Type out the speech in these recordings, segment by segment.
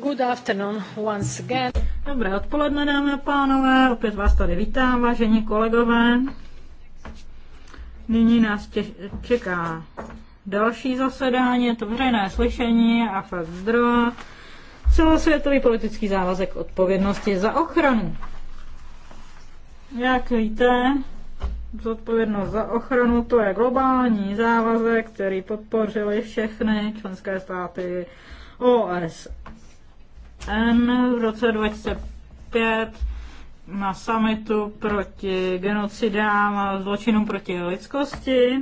Good afternoon once again. Dobré odpoledne, dámy a pánové. Opět vás tady vítám, vážení kolegové. Nyní nás čeká další zasedání, to veřejné slyšení a fakt zdroje. Celosvětový politický závazek odpovědnosti za ochranu. Jak víte, zodpovědnost za ochranu, to je globální závazek, který podpořili všechny členské státy OSN OSN v roce 2005 na summitu proti genocidám a zločinům proti lidskosti.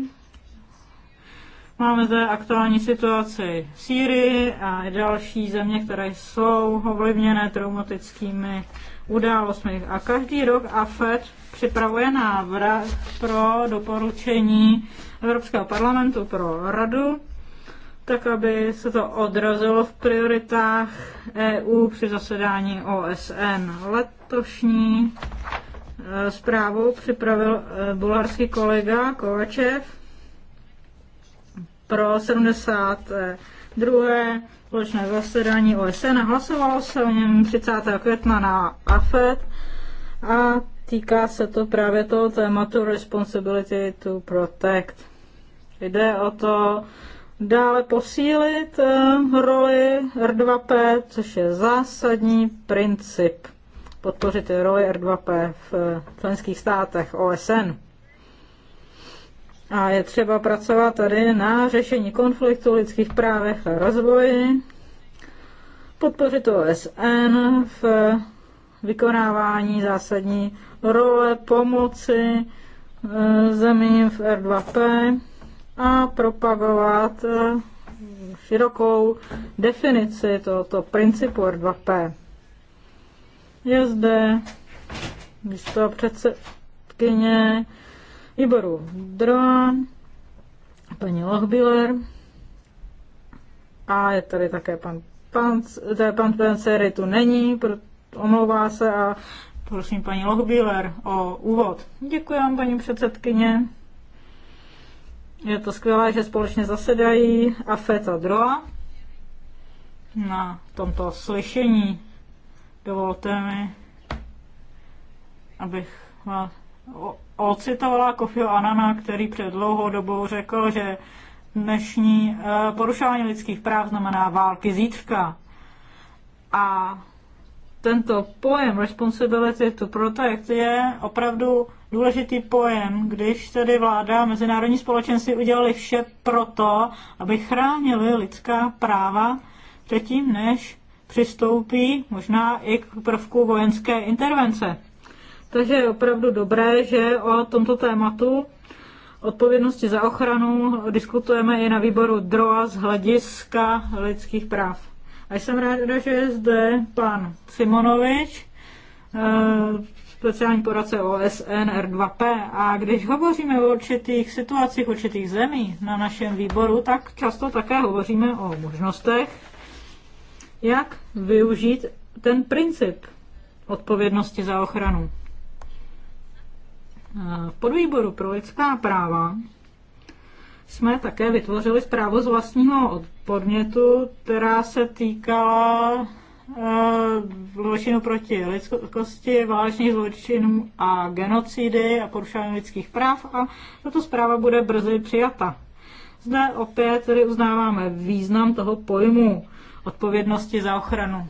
Máme zde aktuální situaci v Sýrii a další země, které jsou ovlivněné traumatickými událostmi. A každý rok AFED připravuje návrh pro doporučení Evropského parlamentu pro radu tak aby se to odrazilo v prioritách EU při zasedání OSN. Letošní e, zprávu připravil e, bulharský kolega Kovačev pro 72. společné zasedání OSN a hlasovalo se o něm 30. května na AFED a týká se to právě toho tématu Responsibility to Protect. Jde o to, Dále posílit eh, roli R2P, což je zásadní princip. Podpořit roli R2P v eh, členských státech OSN. A je třeba pracovat tady na řešení konfliktu lidských právech a rozvoji, podpořit OSN v eh, vykonávání zásadní role pomoci zemím v R2P a propagovat eh, širokou definici tohoto principu R2P. Je zde místo předsedkyně výboru Droa, paní Lochbiller a je tady také pan eh, pan, teda pan Pensery tu není, omlouvá se a prosím paní Lochbiller o úvod. Děkuji vám, paní předsedkyně. Je to skvělé, že společně zasedají AFET a DROA na tomto slyšení. Dovolte mi, abych vás ocitovala Kofio Anana, který před dlouhou dobou řekl, že dnešní eh, porušování lidských práv znamená války zítřka. A tento pojem responsibility to protect je opravdu důležitý pojem, když tedy vláda a mezinárodní společenství udělali vše proto, aby chránili lidská práva předtím, než přistoupí možná i k prvku vojenské intervence. Takže je opravdu dobré, že o tomto tématu odpovědnosti za ochranu diskutujeme i na výboru DROA z hlediska lidských práv. A jsem ráda, že je zde pan Simonovič, eh, speciální poradce OSN R2P. A když hovoříme o určitých situacích, určitých zemí na našem výboru, tak často také hovoříme o možnostech, jak využít ten princip odpovědnosti za ochranu. Eh, v podvýboru pro lidská práva jsme také vytvořili zprávu z vlastního podnětu, která se týkala eh, zločinu proti lidskosti, vážných zločinů a genocidy a porušování lidských práv a tato zpráva bude brzy přijata. Zde opět tedy uznáváme význam toho pojmu odpovědnosti za ochranu.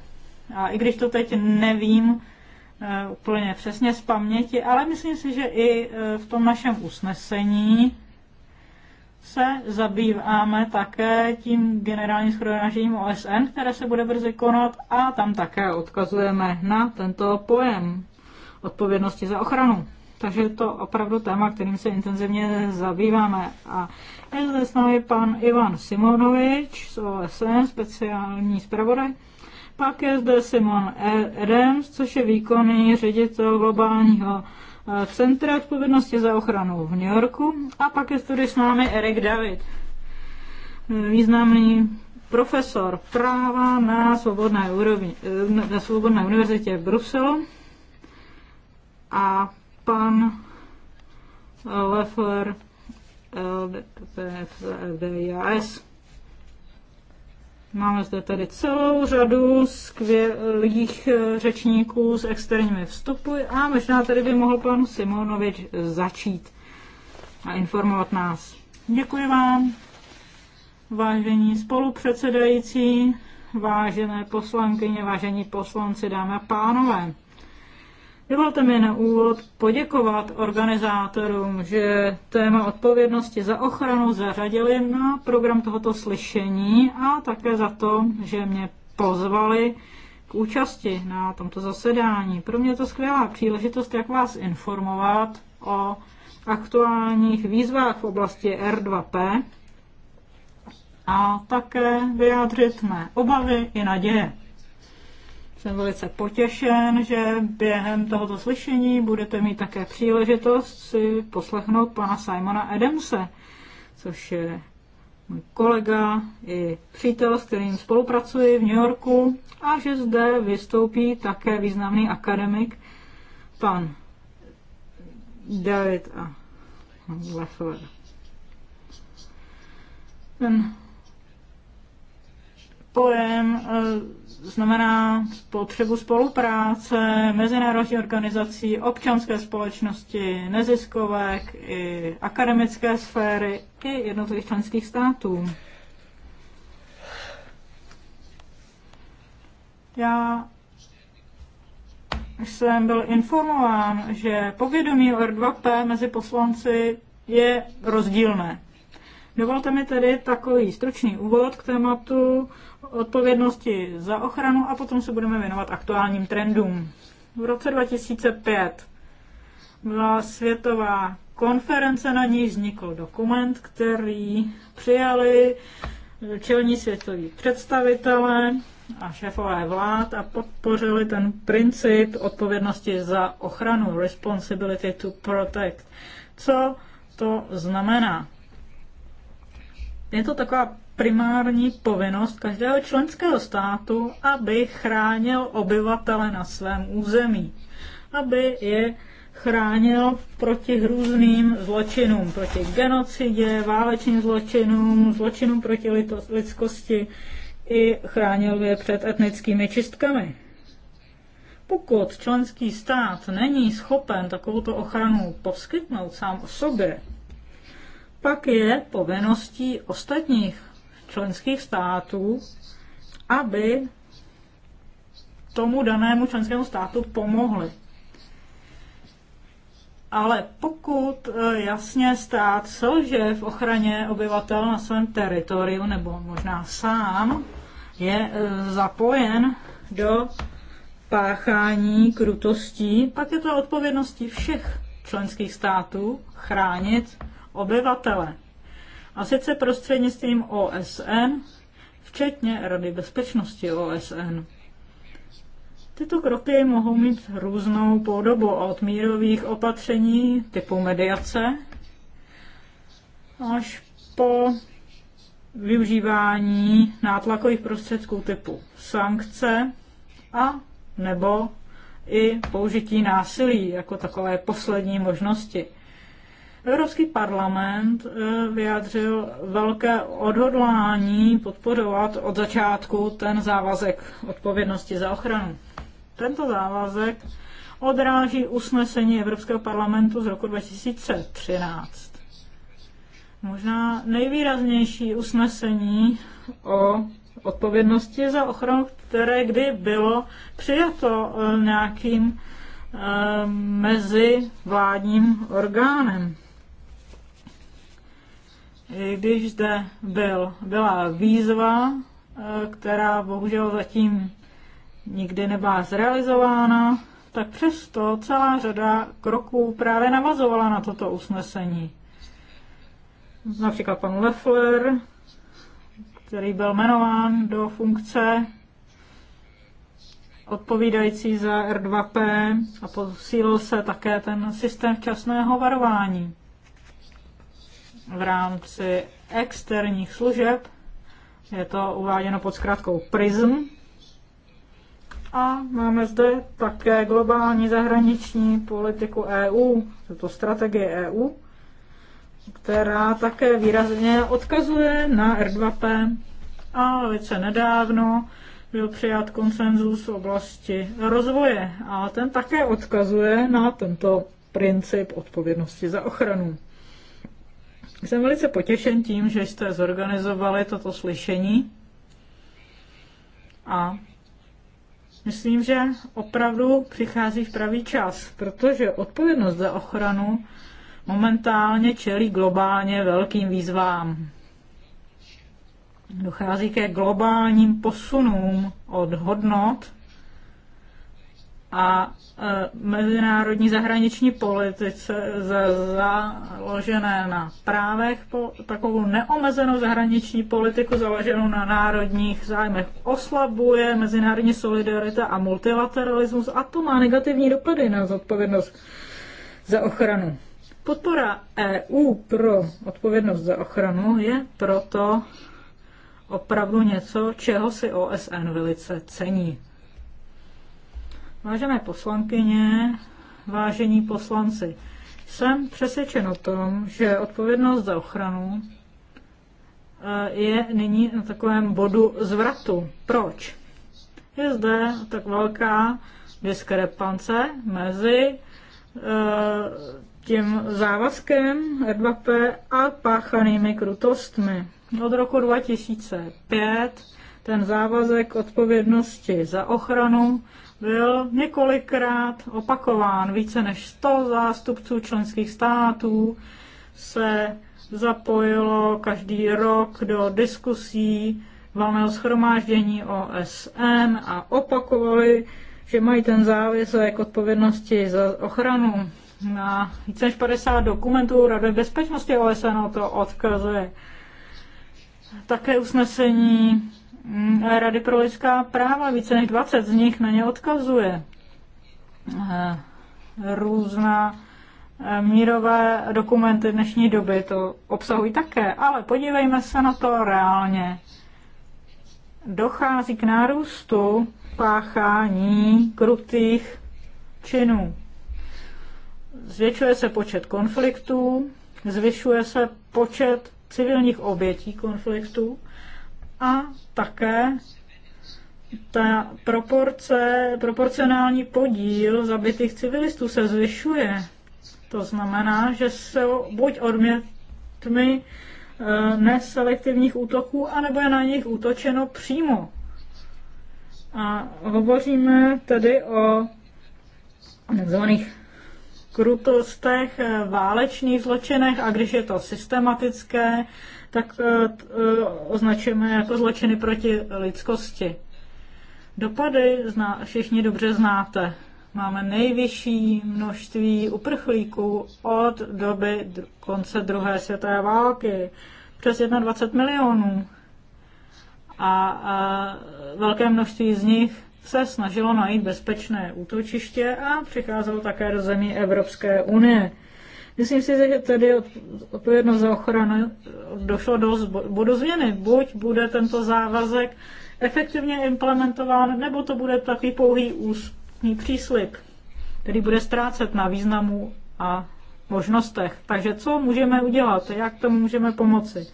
A i když to teď nevím eh, úplně přesně z paměti, ale myslím si, že i eh, v tom našem usnesení se zabýváme také tím generálním shromážděním OSN, které se bude brzy konat a tam také odkazujeme na tento pojem odpovědnosti za ochranu. Takže je to opravdu téma, kterým se intenzivně zabýváme. A je zde s námi pan Ivan Simonovič z OSN, speciální zpravodaj. Pak je zde Simon e. Adams, což je výkonný ředitel globálního Eh, Centra odpovědnosti za ochranu v New Yorku. A pak je tady s námi Erik David, eh, významný profesor práva na svobodné, úrovni, eh, na svobodné univerzitě v Bruselu. A pan Leffler LDPFDIAS. E Máme zde tedy celou řadu skvělých eh, řečníků s externími vstupy a možná tedy by mohl pan Simonovič začít a informovat nás. Děkuji vám, vážení spolupředsedající, vážené poslankyně, vážení poslanci, dámy a pánové. Dovolte mi na úvod poděkovat organizátorům, že téma odpovědnosti za ochranu zařadili na program tohoto slyšení a také za to, že mě pozvali k účasti na tomto zasedání. Pro mě je to skvělá příležitost, jak vás informovat o aktuálních výzvách v oblasti R2P a také vyjádřit mé obavy i naděje. Jsem velice potěšen, že během tohoto slyšení budete mít také příležitost si poslechnout pana Simona Adamse, což je můj kolega i přítel, s kterým spolupracuji v New Yorku, a že zde vystoupí také významný akademik, pan David a Leffler. Ten pojem eh, znamená potřebu spolupráce mezinárodní organizací, občanské společnosti, neziskovek, i akademické sféry, i jednotlivých členských států. Já jsem byl informován, že povědomí o R2P mezi poslanci je rozdílné. Dovolte mi tedy takový stručný úvod k tématu odpovědnosti za ochranu a potom se budeme věnovat aktuálním trendům. V roce 2005 byla světová konference, na níž vznikl dokument, který přijali čelní světoví představitelé a šéfové vlád a podpořili ten princip odpovědnosti za ochranu, responsibility to protect. Co to znamená? Je to taková primární povinnost každého členského státu, aby chránil obyvatele na svém území, aby je chránil proti různým zločinům, proti genocidě, válečným zločinům, zločinům proti lidskosti i chránil je před etnickými čistkami. Pokud členský stát není schopen takovouto ochranu poskytnout sám o sobě, pak je povinností ostatních členských států, aby tomu danému členskému státu pomohli. Ale pokud eh, jasně stát selže v ochraně obyvatel na svém teritoriu, nebo možná sám, je eh, zapojen do páchání krutostí, pak je to odpovědností všech členských států chránit obyvatele. A sice prostřednictvím OSN, včetně Rady bezpečnosti OSN. Tyto kroky mohou mít různou podobu od mírových opatření typu mediace až po využívání nátlakových prostředků typu sankce a nebo i použití násilí jako takové poslední možnosti. Evropský parlament eh, vyjádřil velké odhodlání podporovat od začátku ten závazek odpovědnosti za ochranu. Tento závazek odráží usnesení Evropského parlamentu z roku 2013. Možná nejvýraznější usnesení o odpovědnosti za ochranu, které kdy bylo přijato eh, nějakým eh, mezi vládním orgánem. Když zde byl, byla výzva, e, která bohužel zatím nikdy nebyla zrealizována, tak přesto celá řada kroků právě navazovala na toto usnesení. Například pan Leffler, který byl jmenován do funkce odpovídající za R2P a posílil se také ten systém včasného varování v rámci externích služeb. Je to uváděno pod zkrátkou PRISM. A máme zde také globální zahraniční politiku EU, to strategie EU, která také výrazně odkazuje na R2P. A velice nedávno byl přijat konsenzus v oblasti rozvoje a ten také odkazuje na tento princip odpovědnosti za ochranu. Jsem velice potěšen tím, že jste zorganizovali toto slyšení a myslím, že opravdu přichází v pravý čas, protože odpovědnost za ochranu momentálně čelí globálně velkým výzvám. Dochází ke globálním posunům od hodnot a e, mezinárodní zahraniční politice založené na právech, po takovou neomezenou zahraniční politiku založenou na národních zájmech oslabuje mezinárodní solidarita a multilateralismus a to má negativní dopady na zodpovědnost za ochranu. Podpora EU pro odpovědnost za ochranu je proto opravdu něco, čeho si OSN velice cení. Vážené poslankyně, vážení poslanci, jsem přesvědčen o tom, že odpovědnost za ochranu eh, je nyní na takovém bodu zvratu. Proč? Je zde tak velká diskrepance mezi eh, tím závazkem R2P a páchanými krutostmi. Od roku 2005 ten závazek odpovědnosti za ochranu byl několikrát opakován. Více než 100 zástupců členských států se zapojilo každý rok do diskusí valného schromáždění OSN a opakovali, že mají ten závěsek odpovědnosti za ochranu. Na více než 50 dokumentů Rady bezpečnosti OSN o to odkazuje. Také usnesení Mhm. Rady pro lidská práva, více než 20 z nich na ně odkazuje. Eh, různá eh, mírové dokumenty dnešní doby to obsahují také, ale podívejme se na to reálně. Dochází k nárůstu páchání krutých činů. Zvětšuje se počet konfliktů, zvyšuje se počet civilních obětí konfliktů a také ta proporce, proporcionální podíl zabitých civilistů se zvyšuje. To znamená, že se buď odmětmi eh, neselektivních útoků, anebo je na nich útočeno přímo. A hovoříme tedy o takzvaných krutostech, eh, válečných zločinech a když je to systematické, tak eh, eh, označujeme jako zločiny proti lidskosti. Dopady zná, všichni dobře znáte. Máme nejvyšší množství uprchlíků od doby konce druhé světové války. Přes 21 milionů. A, a velké množství z nich se snažilo najít bezpečné útočiště a přicházelo také do zemí Evropské unie. Myslím si, že tedy odpovědnost za ochranu došlo do bodu změny. Buď bude tento závazek efektivně implementován, nebo to bude takový pouhý ústní příslip, který bude ztrácet na významu a možnostech. Takže co můžeme udělat? Jak tomu můžeme pomoci?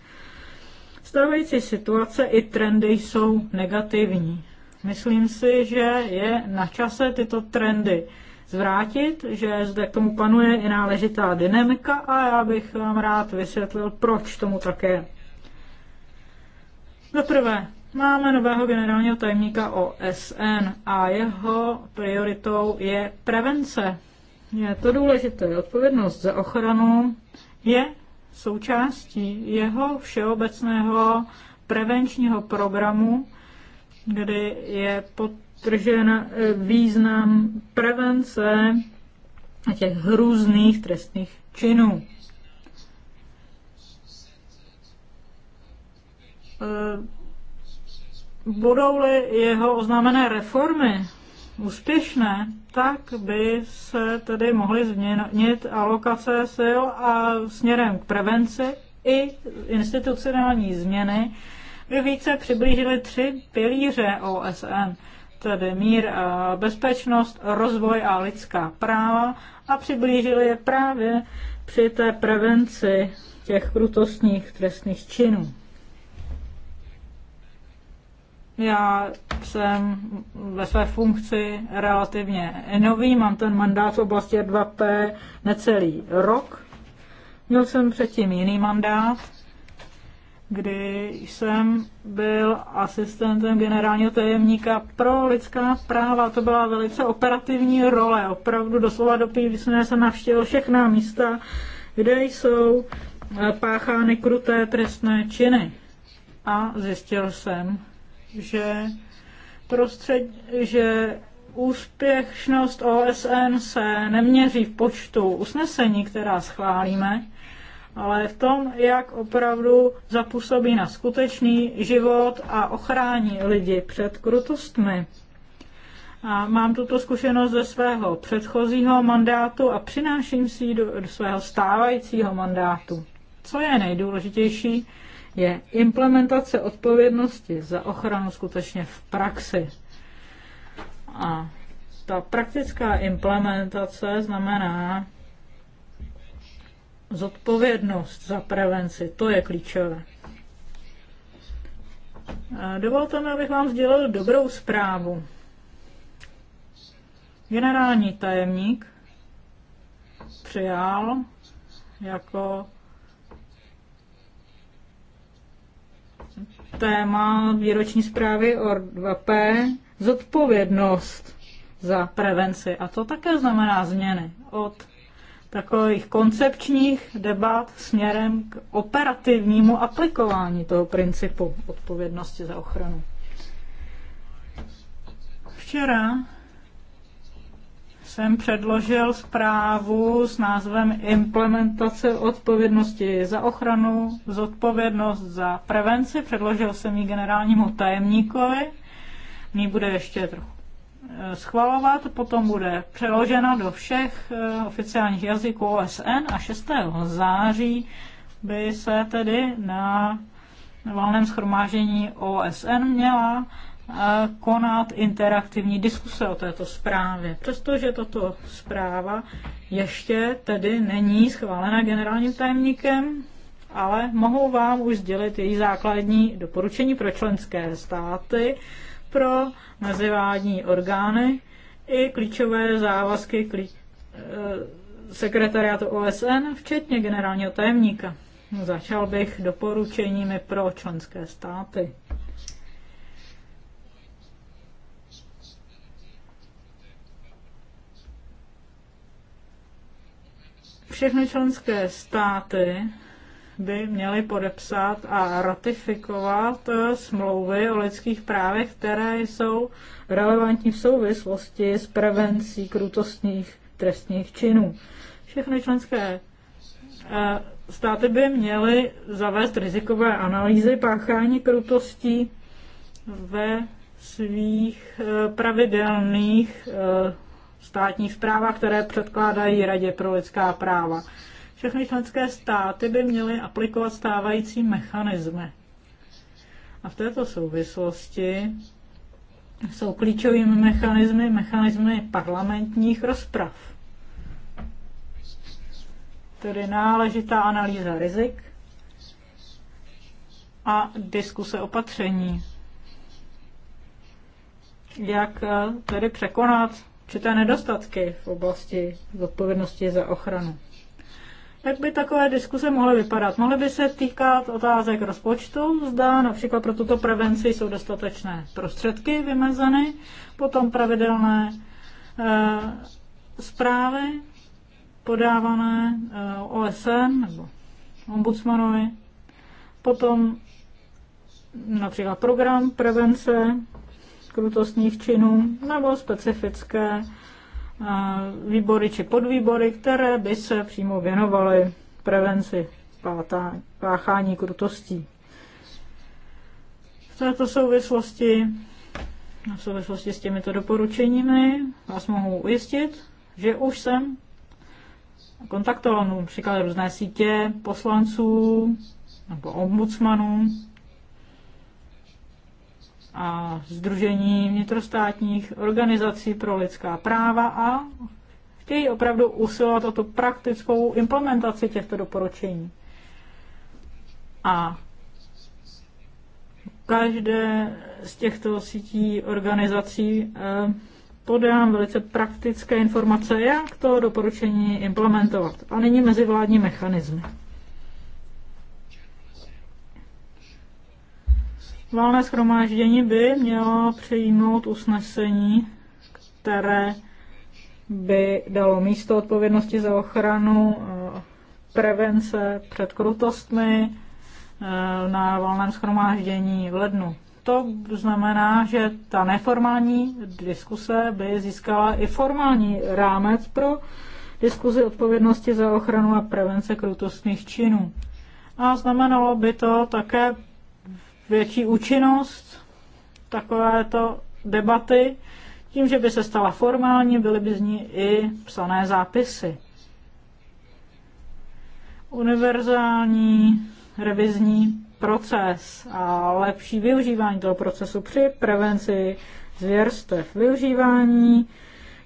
Stávající situace i trendy jsou negativní. Myslím si, že je na čase tyto trendy zvrátit, že zde k tomu panuje i náležitá dynamika a já bych vám rád vysvětlil, proč tomu také je. Za prvé, máme nového generálního tajemníka OSN a jeho prioritou je prevence. Je to důležité. Odpovědnost za ochranu je součástí jeho všeobecného prevenčního programu, kdy je pod podtržen e, význam prevence těch hrůzných trestných činů. E, budou-li jeho oznámené reformy úspěšné, tak by se tedy mohly změnit alokace sil a směrem k prevenci i institucionální změny by více přiblížily tři pilíře OSN tedy mír a bezpečnost, rozvoj a lidská práva a přiblížili je právě při té prevenci těch krutostních trestných činů. Já jsem ve své funkci relativně nový, mám ten mandát v oblasti 2P necelý rok. Měl jsem předtím jiný mandát, kdy jsem byl asistentem generálního tajemníka pro lidská práva. To byla velice operativní role. Opravdu doslova do písmene jsem navštívil všechna místa, kde jsou eh, páchány kruté trestné činy. A zjistil jsem, že, prostřed, že úspěšnost OSN se neměří v počtu usnesení, která schválíme, ale v tom, jak opravdu zapůsobí na skutečný život a ochrání lidi před krutostmi. A mám tuto zkušenost ze svého předchozího mandátu a přináším si ji do, do svého stávajícího mandátu. Co je nejdůležitější, je implementace odpovědnosti za ochranu skutečně v praxi. A ta praktická implementace znamená, zodpovědnost za prevenci, to je klíčové. Dovolte mi, abych vám sdělil dobrou zprávu. Generální tajemník přijal jako téma výroční zprávy o 2P zodpovědnost za prevenci. A to také znamená změny od takových koncepčních debat směrem k operativnímu aplikování toho principu odpovědnosti za ochranu. Včera jsem předložil zprávu s názvem Implementace odpovědnosti za ochranu, zodpovědnost za prevenci. Předložil jsem ji generálnímu tajemníkovi. Ní bude ještě trochu Eh, schvalovat, potom bude přeložena do všech eh, oficiálních jazyků OSN a 6. září by se tedy na valném schromáždění OSN měla eh, konat interaktivní diskuse o této zprávě. Přestože tato zpráva ještě tedy není schválena generálním tajemníkem, ale mohu vám už sdělit její základní doporučení pro členské státy, pro mezivládní orgány i klíčové závazky klí... Eh, sekretariátu OSN, včetně generálního tajemníka. Začal bych doporučeními pro členské státy. Všechny členské státy by měly podepsat a ratifikovat eh, smlouvy o lidských právech, které jsou relevantní v souvislosti s prevencí krutostních trestních činů. Všechny členské eh, státy by měly zavést rizikové analýzy páchání krutostí ve svých eh, pravidelných státních zprávách, které předkládají Radě pro lidská práva. Všechny členské státy by měly aplikovat stávající mechanismy. A v této souvislosti jsou klíčovými mechanismy, mechanismy parlamentních rozprav. Tedy náležitá analýza rizik a diskuse opatření. Jak eh, tedy překonat určité nedostatky v oblasti odpovědnosti za ochranu. Jak by takové diskuse mohly vypadat? Mohly by se týkat otázek rozpočtu, zda například pro tuto prevenci jsou dostatečné prostředky vymezeny, potom pravidelné e, zprávy podávané e, eh, OSN nebo ombudsmanovi, potom například program prevence krutostních činů nebo specifické výbory či podvýbory, které by se přímo věnovaly prevenci pátání, páchání krutostí. V této souvislosti, v souvislosti s těmito doporučeními, vás mohu ujistit, že už jsem kontaktoval no, například různé sítě poslanců nebo ombudsmanů, a Združení vnitrostátních organizací pro lidská práva a chtějí opravdu usilovat o tu praktickou implementaci těchto doporučení. A každé z těchto sítí organizací eh, podám velice praktické informace, jak to doporučení implementovat. A nyní mezivládní mechanizmy. Valné schromáždění by mělo přijmout usnesení, které by dalo místo odpovědnosti za ochranu eh, prevence před krutostmi eh, na valném schromáždění v lednu. To znamená, že ta neformální diskuse by získala i formální rámec pro diskuzi odpovědnosti za ochranu a prevence krutostných činů. A znamenalo by to také větší účinnost takovéto debaty, tím, že by se stala formální, byly by z ní i psané zápisy. Univerzální revizní proces a lepší využívání toho procesu při prevenci zvěrstev, využívání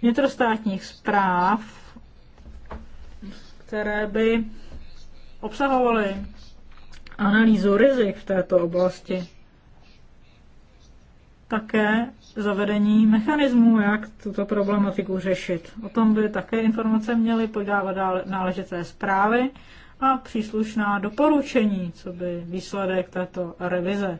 vnitrostátních zpráv, které by obsahovaly analýzu rizik v této oblasti. Také zavedení mechanismů, jak tuto problematiku řešit. O tom by také informace měly podávat náležité zprávy a příslušná doporučení, co by výsledek této revize.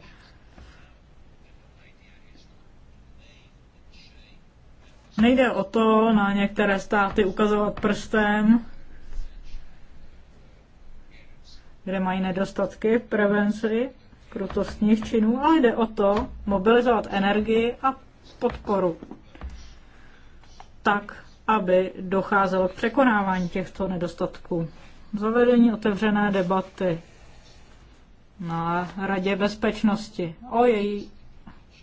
Nejde o to na některé státy ukazovat prstem kde mají nedostatky v prevenci krutostních činů, ale jde o to mobilizovat energii a podporu tak, aby docházelo k překonávání těchto nedostatků. Zavedení otevřené debaty na Radě bezpečnosti o její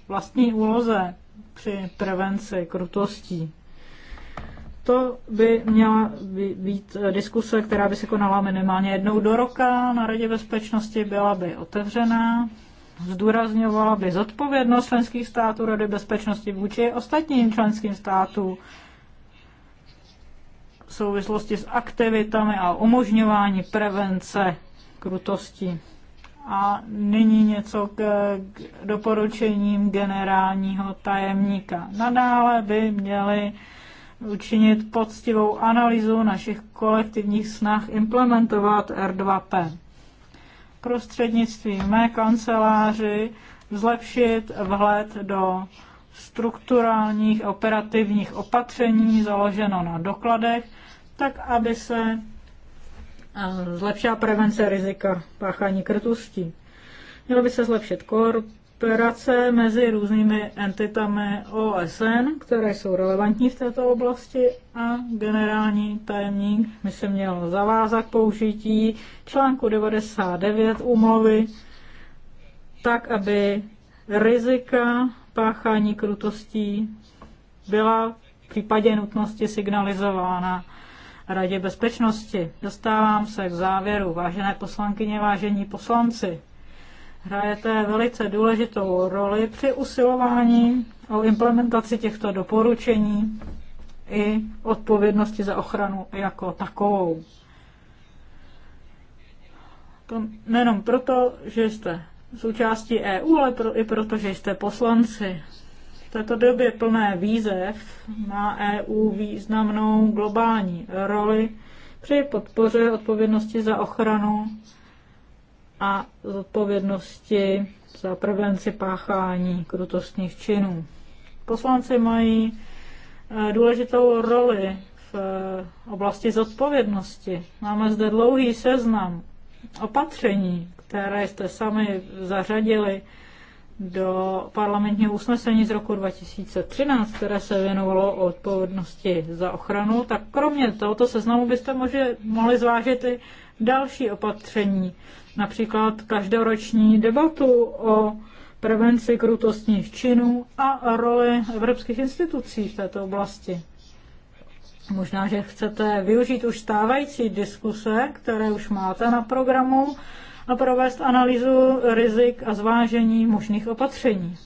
vlastní úloze při prevenci krutostí to by měla být eh, diskuse, která by se konala minimálně jednou do roka na Radě bezpečnosti, byla by otevřená, zdůrazňovala by zodpovědnost členských států Rady bezpečnosti vůči ostatním členským státům v souvislosti s aktivitami a umožňování prevence krutosti A nyní něco k, doporučením generálního tajemníka. Nadále by měly učinit poctivou analýzu našich kolektivních snah implementovat R2P. Prostřednictvím mé kanceláři zlepšit vhled do strukturálních operativních opatření založeno na dokladech, tak aby se eh, zlepšila prevence rizika páchání krtustí. Mělo by se zlepšit kooperace mezi různými entitami OSN, které jsou relevantní v této oblasti a generální tajemník by se měl zavázat použití článku 99 úmluvy tak, aby rizika páchání krutostí byla v případě nutnosti signalizována Radě bezpečnosti. Dostávám se k závěru, vážené poslankyně, vážení poslanci hrajete velice důležitou roli při usilování o implementaci těchto doporučení i odpovědnosti za ochranu jako takovou. To nejenom proto, že jste součástí EU, ale pro, i proto, že jste poslanci. V této době plné výzev má EU významnou globální roli při podpoře odpovědnosti za ochranu a zodpovědnosti za prevenci páchání krutostních činů. Poslanci mají eh, důležitou roli v eh, oblasti zodpovědnosti. Máme zde dlouhý seznam opatření, které jste sami zařadili do parlamentního usnesení z roku 2013, které se věnovalo o odpovědnosti za ochranu, tak kromě tohoto seznamu byste mohli zvážit i další opatření, například každoroční debatu o prevenci krutostních činů a roli evropských institucí v této oblasti. Možná, že chcete využít už stávající diskuse, které už máte na programu, a provést analýzu rizik a zvážení možných opatření.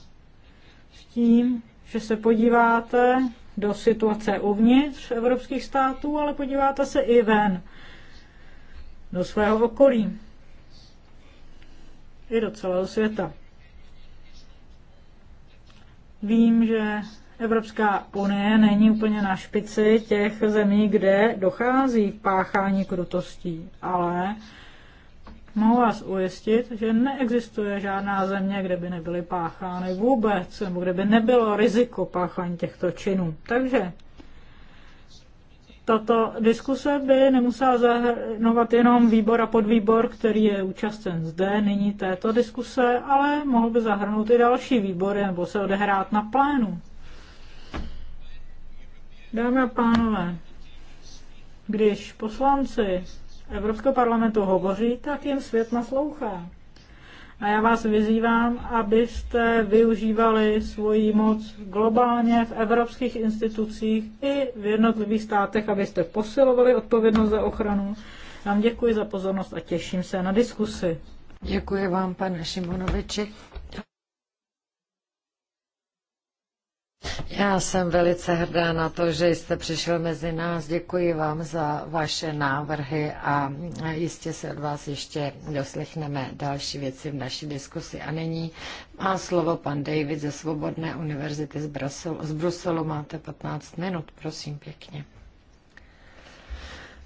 S tím, že se podíváte do situace uvnitř evropských států, ale podíváte se i ven, do svého okolí i do celého světa. Vím, že Evropská unie není úplně na špici těch zemí, kde dochází k páchání krutostí, ale mohu vás ujistit, že neexistuje žádná země, kde by nebyly páchány vůbec, nebo kde by nebylo riziko páchání těchto činů. Takže tato diskuse by nemusela zahrnovat jenom výbor a podvýbor, který je účasten zde, nyní této diskuse, ale mohl by zahrnout i další výbory nebo se odehrát na plénu. Dámy a pánové, když poslanci Evropského parlamentu hovoří, tak jim svět naslouchá. A já vás vyzývám, abyste využívali svoji moc globálně v evropských institucích i v jednotlivých státech, abyste posilovali odpovědnost za ochranu. Vám děkuji za pozornost a těším se na diskusi. Děkuji vám, pane Šimonoviči. Já jsem velice hrdá na to, že jste přišel mezi nás. Děkuji vám za vaše návrhy a jistě se od vás ještě doslechneme další věci v naší diskusi. A nyní má slovo pan David ze Svobodné univerzity z Bruselu. Z Bruselu máte 15 minut, prosím pěkně.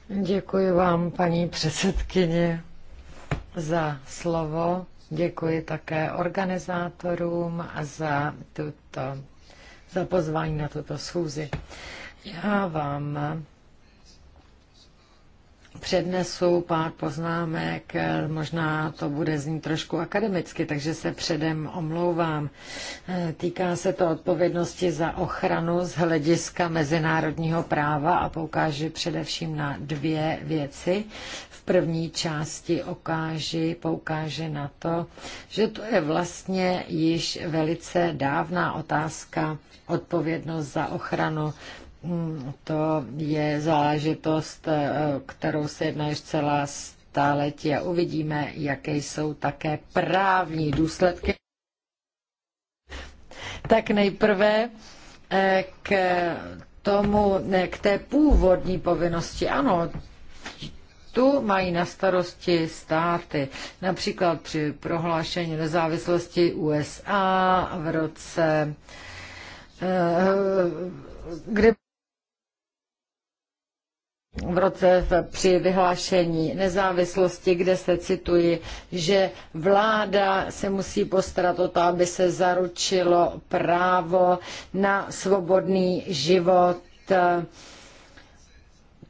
Děkuji vám, paní předsedkyně, za slovo. Děkuji také organizátorům za tuto za pozvání na tuto schůzi. Já vám přednesu pár poznámek, možná to bude znít trošku akademicky, takže se předem omlouvám. Týká se to odpovědnosti za ochranu z hlediska mezinárodního práva a poukáže především na dvě věci první části okáži, poukáže na to, že to je vlastně již velice dávná otázka odpovědnost za ochranu mm, to je záležitost, eh, kterou se jedná ještě celá stáletí a uvidíme, jaké jsou také právní důsledky. Tak nejprve eh, k tomu, k té původní povinnosti. Ano, tu mají na starosti státy. Například při prohlášení nezávislosti USA v roce, eh, kdy v roce při vyhlášení nezávislosti, kde se cituji, že vláda se musí postarat o to, aby se zaručilo právo na svobodný život eh,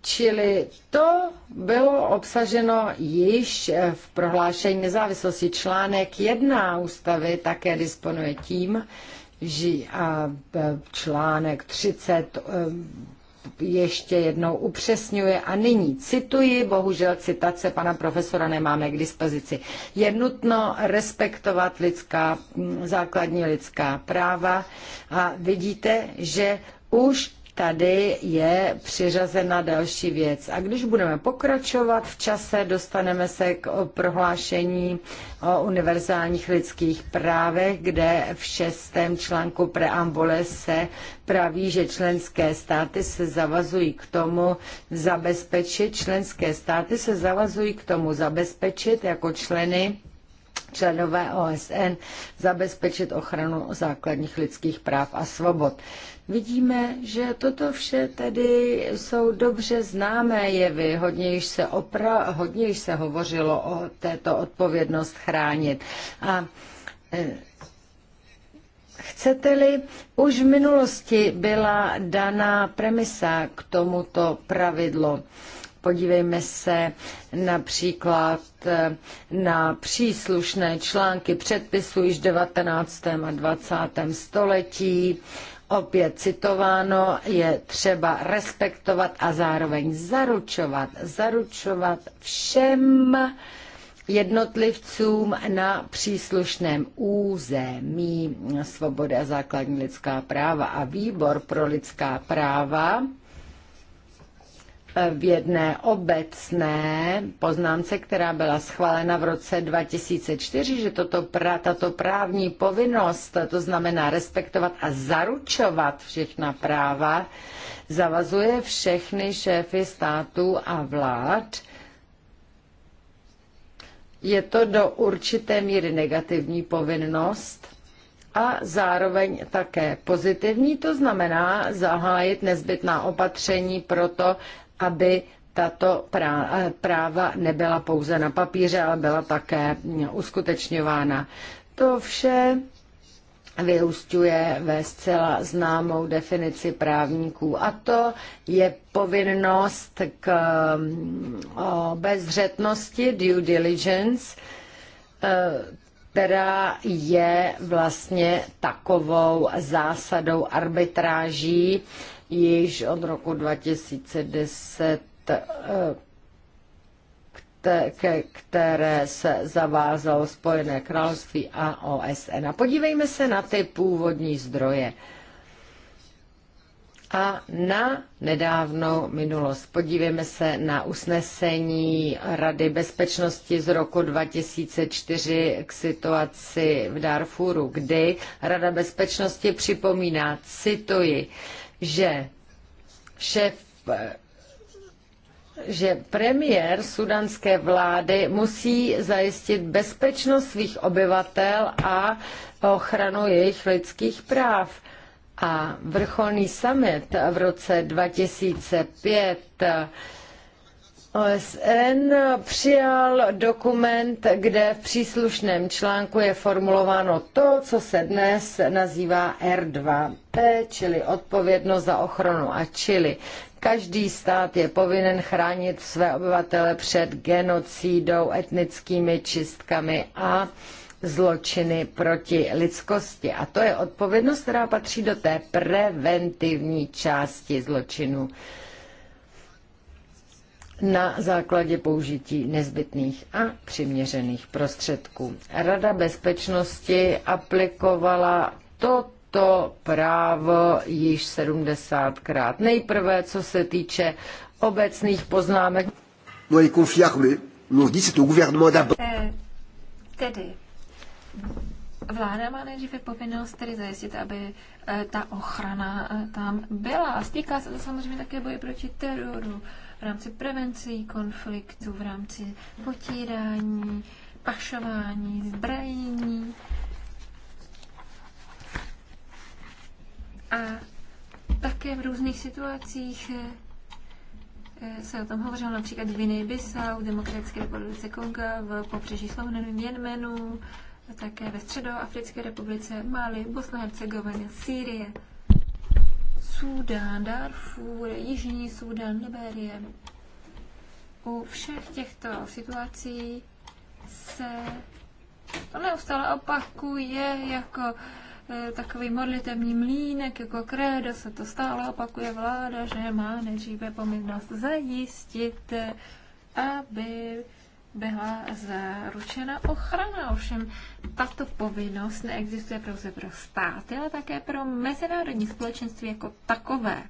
Čili to bylo obsaženo již v prohlášení nezávislosti. Článek 1 ústavy také disponuje tím, že e, článek 30 e, ještě jednou upřesňuje a nyní cituji, bohužel citace pana profesora nemáme k dispozici. Je nutno respektovat lidská, základní lidská práva a vidíte, že už tady je přiřazena další věc. A když budeme pokračovat v čase, dostaneme se k prohlášení o univerzálních lidských právech, kde v šestém článku preambule se praví, že členské státy se zavazují k tomu zabezpečit, členské státy se zavazují k tomu zabezpečit jako členy členové OSN zabezpečit ochranu základních lidských práv a svobod. Vidíme, že toto vše tedy jsou dobře známé jevy, hodně již se, opra- hodně již se hovořilo o této odpovědnost chránit. A e, Chcete-li, už v minulosti byla daná premisa k tomuto pravidlu. Podívejme se například eh, na příslušné články předpisů již 19. a 20. století. Opět citováno, je třeba respektovat a zároveň zaručovat, zaručovat všem jednotlivcům na příslušném území svobody a základní lidská práva. A výbor pro lidská práva v jedné obecné poznámce, která byla schválena v roce 2004, že toto, pra, tato právní povinnost, to znamená respektovat a zaručovat všechna práva, zavazuje všechny šéfy států a vlád, je to do určité míry negativní povinnost a zároveň také pozitivní, to znamená zahájit nezbytná opatření pro to, aby tato eh, práva nebyla pouze na papíře, ale byla také uskutečňována. To vše vyústuje ve zcela známou definici právníků a to je povinnost k mm, bezřetnosti, due diligence, eh, která je vlastně takovou zásadou arbitráží, již od roku 2010 eh, ke které se zavázalo Spojené království a OSN. A podívejme se na ty původní zdroje a na nedávnou minulost. Podívejme se na usnesení Rady bezpečnosti z roku 2004 k situaci v Darfuru, kdy Rada bezpečnosti připomíná, cituji, že šéf že premiér sudanské vlády musí zajistit bezpečnost svých obyvatel a ochranu jejich lidských práv. A vrcholný summit v roce 2005 OSN přijal dokument, kde v příslušném článku je formulováno to, co se dnes nazývá R2P, čili odpovědnost za ochranu a čili Každý stát je povinen chránit své obyvatele před genocídou, etnickými čistkami a zločiny proti lidskosti. A to je odpovědnost, která patří do té preventivní části zločinu na základě použití nezbytných a přiměřených prostředků. Rada bezpečnosti aplikovala toto právo již 70krát. Nejprve, co se týče obecných poznámek. No, Tedy, vláda má nejdříve povinnost tedy zajistit, aby eh, ta ochrana eh, tam byla. Stýká se to samozřejmě také boje proti teroru v rámci prevencí konfliktu v rámci potírání, pašování, zbrajení. A také v různých situacích eh, eh, se o tom hovořilo například v Guinea Bissau, Demokratické republice Konga, v pobřeží Slovenu, v Jemenu, také ve Středoafrické republice, Mali, Bosna, Hercegovina, Sýrie. Súdán, Darfur, Jižní Súdán, Liberie. U všech těchto situací se to neustále opakuje jako eh, takový modlitevní mlínek, jako krédo se to stále opakuje vláda, že má nejdříve pomyslnost zajistit, eh, aby byla zaručena ochrana. Ovšem, tato povinnost neexistuje pouze pro státy, ale také pro mezinárodní společenství jako takové.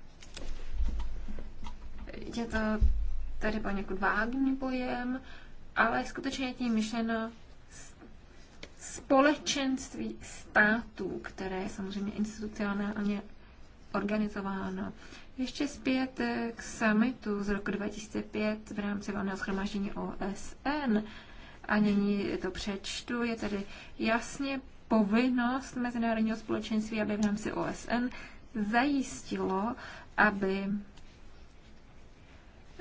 Je to tady poněkud vágní pojem, ale skutečně tím myšleno společenství států, které je samozřejmě institucionálně organizováno. Ještě zpět eh, k summitu z roku 2005 v rámci volného schromáždění OSN. A nyní to přečtu. Je tady jasně povinnost mezinárodního společenství, aby v rámci OSN zajistilo, aby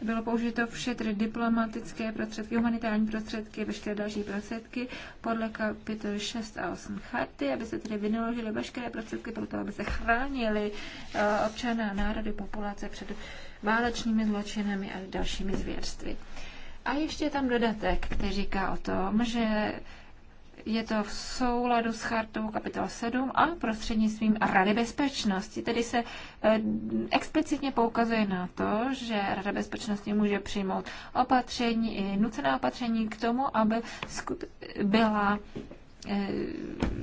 bylo použito všechny diplomatické prostředky, humanitární prostředky, veškeré další prostředky podle kapitol 6 a 8 charty, aby se tedy vynaložily veškeré prostředky pro to, aby se chránili eh, občané a národy, populace před válečnými zločinami a dalšími zvěrstvy. A ještě je tam dodatek, který říká o tom, že je to v souladu s chartou kapitola 7 a prostřednictvím Rady bezpečnosti. Tedy se eh, explicitně poukazuje na to, že Rada bezpečnosti může přijmout opatření, i nucená opatření k tomu, aby byla Eh,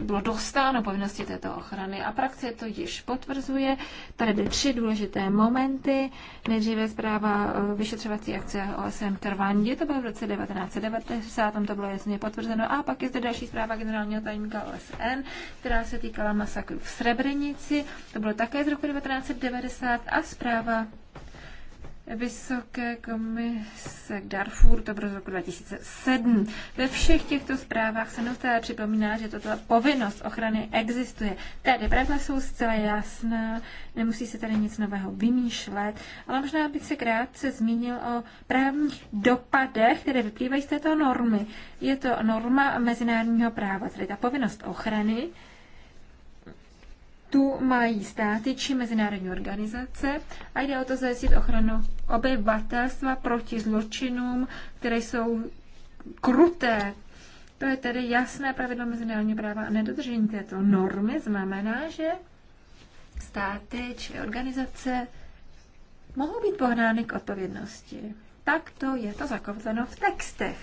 bylo dostáno povinnosti této ochrany a praxe to již potvrzuje. Tady byly tři důležité momenty. Nejdříve zpráva eh, vyšetřovací akce OSN Trvandi, to bylo v roce 1990, tam to bylo jasně potvrzeno. A pak je zde další zpráva generálního tajemníka OSN, která se týkala masakru v Srebrenici, to bylo také z roku 1990 a zpráva Vysoké komise k Darfur, to bylo z roku 2007. Ve všech těchto zprávách se neustále připomíná, že toto povinnost ochrany existuje. Tady pravidla jsou zcela jasná, nemusí se tady nic nového vymýšlet, ale možná bych se krátce zmínil o právních dopadech, které vyplývají z této normy. Je to norma mezinárodního práva, tedy ta povinnost ochrany, tu mají státy či mezinárodní organizace a jde o to zajistit ochranu obyvatelstva proti zločinům, které jsou kruté. To je tedy jasné pravidlo mezinárodního práva a nedodržení této normy znamená, že státy či organizace mohou být pohnány k odpovědnosti. Tak to je to zakotveno v textech,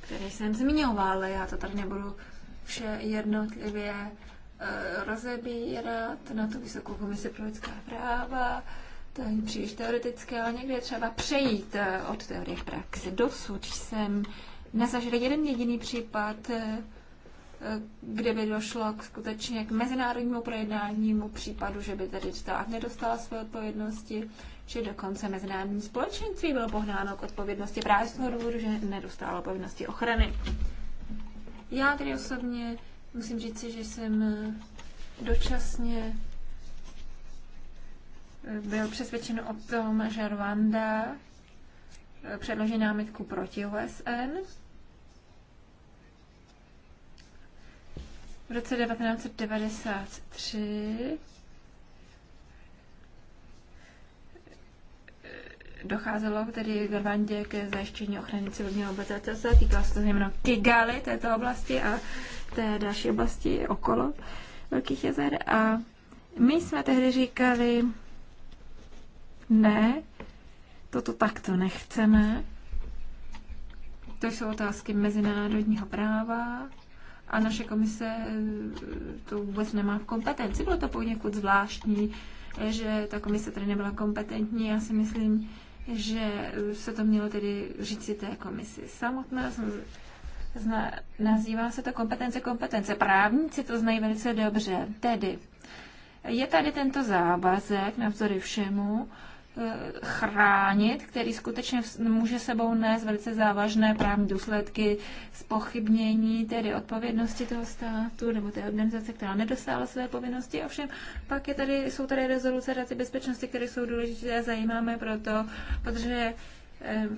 které jsem zmiňovala, já to tady nebudu vše jednotlivě Eh, rozebírat na tu Vysokou komisi pro lidská práva. To je příliš teoretické, ale někde je třeba přejít eh, od teorie k praxi. Dosud jsem nezažil jeden jediný případ, eh, kde by došlo k skutečně k mezinárodnímu projednánímu případu, že by tady stát nedostala své odpovědnosti, či dokonce mezinárodní společenství bylo pohnáno k odpovědnosti právě z toho důvodu, že nedostalo odpovědnosti ochrany. Já tedy osobně Musím říct, že jsem eh, dočasně eh, byl přesvědčen o tom, že Rwanda eh, předloží námitku proti OSN. V roce 1993 docházelo tedy v Rwandě ke zajištění ochrany civilního obyvatelstva. Týkalo se to zejména Kigali této oblasti a té další oblasti okolo Velkých jezer a my jsme tehdy říkali, ne, toto takto nechceme. To jsou otázky mezinárodního práva a naše komise eh, to vůbec nemá v kompetenci. Bylo to poněkud zvláštní, eh, že ta komise tady nebyla kompetentní. Já si myslím, že eh, se to mělo tedy říct si té komisi samotné. Zna, nazývá se to kompetence kompetence. Právníci to znají velice dobře. Tedy je tady tento závazek, navzory všemu, eh, chránit, který skutečně může sebou nést velice závažné právní důsledky spochybnění tedy odpovědnosti toho státu nebo té organizace, která nedosáhla své povinnosti. Ovšem pak je tady, jsou tady rezoluce Rady bezpečnosti, které jsou důležité a zajímáme proto, protože eh,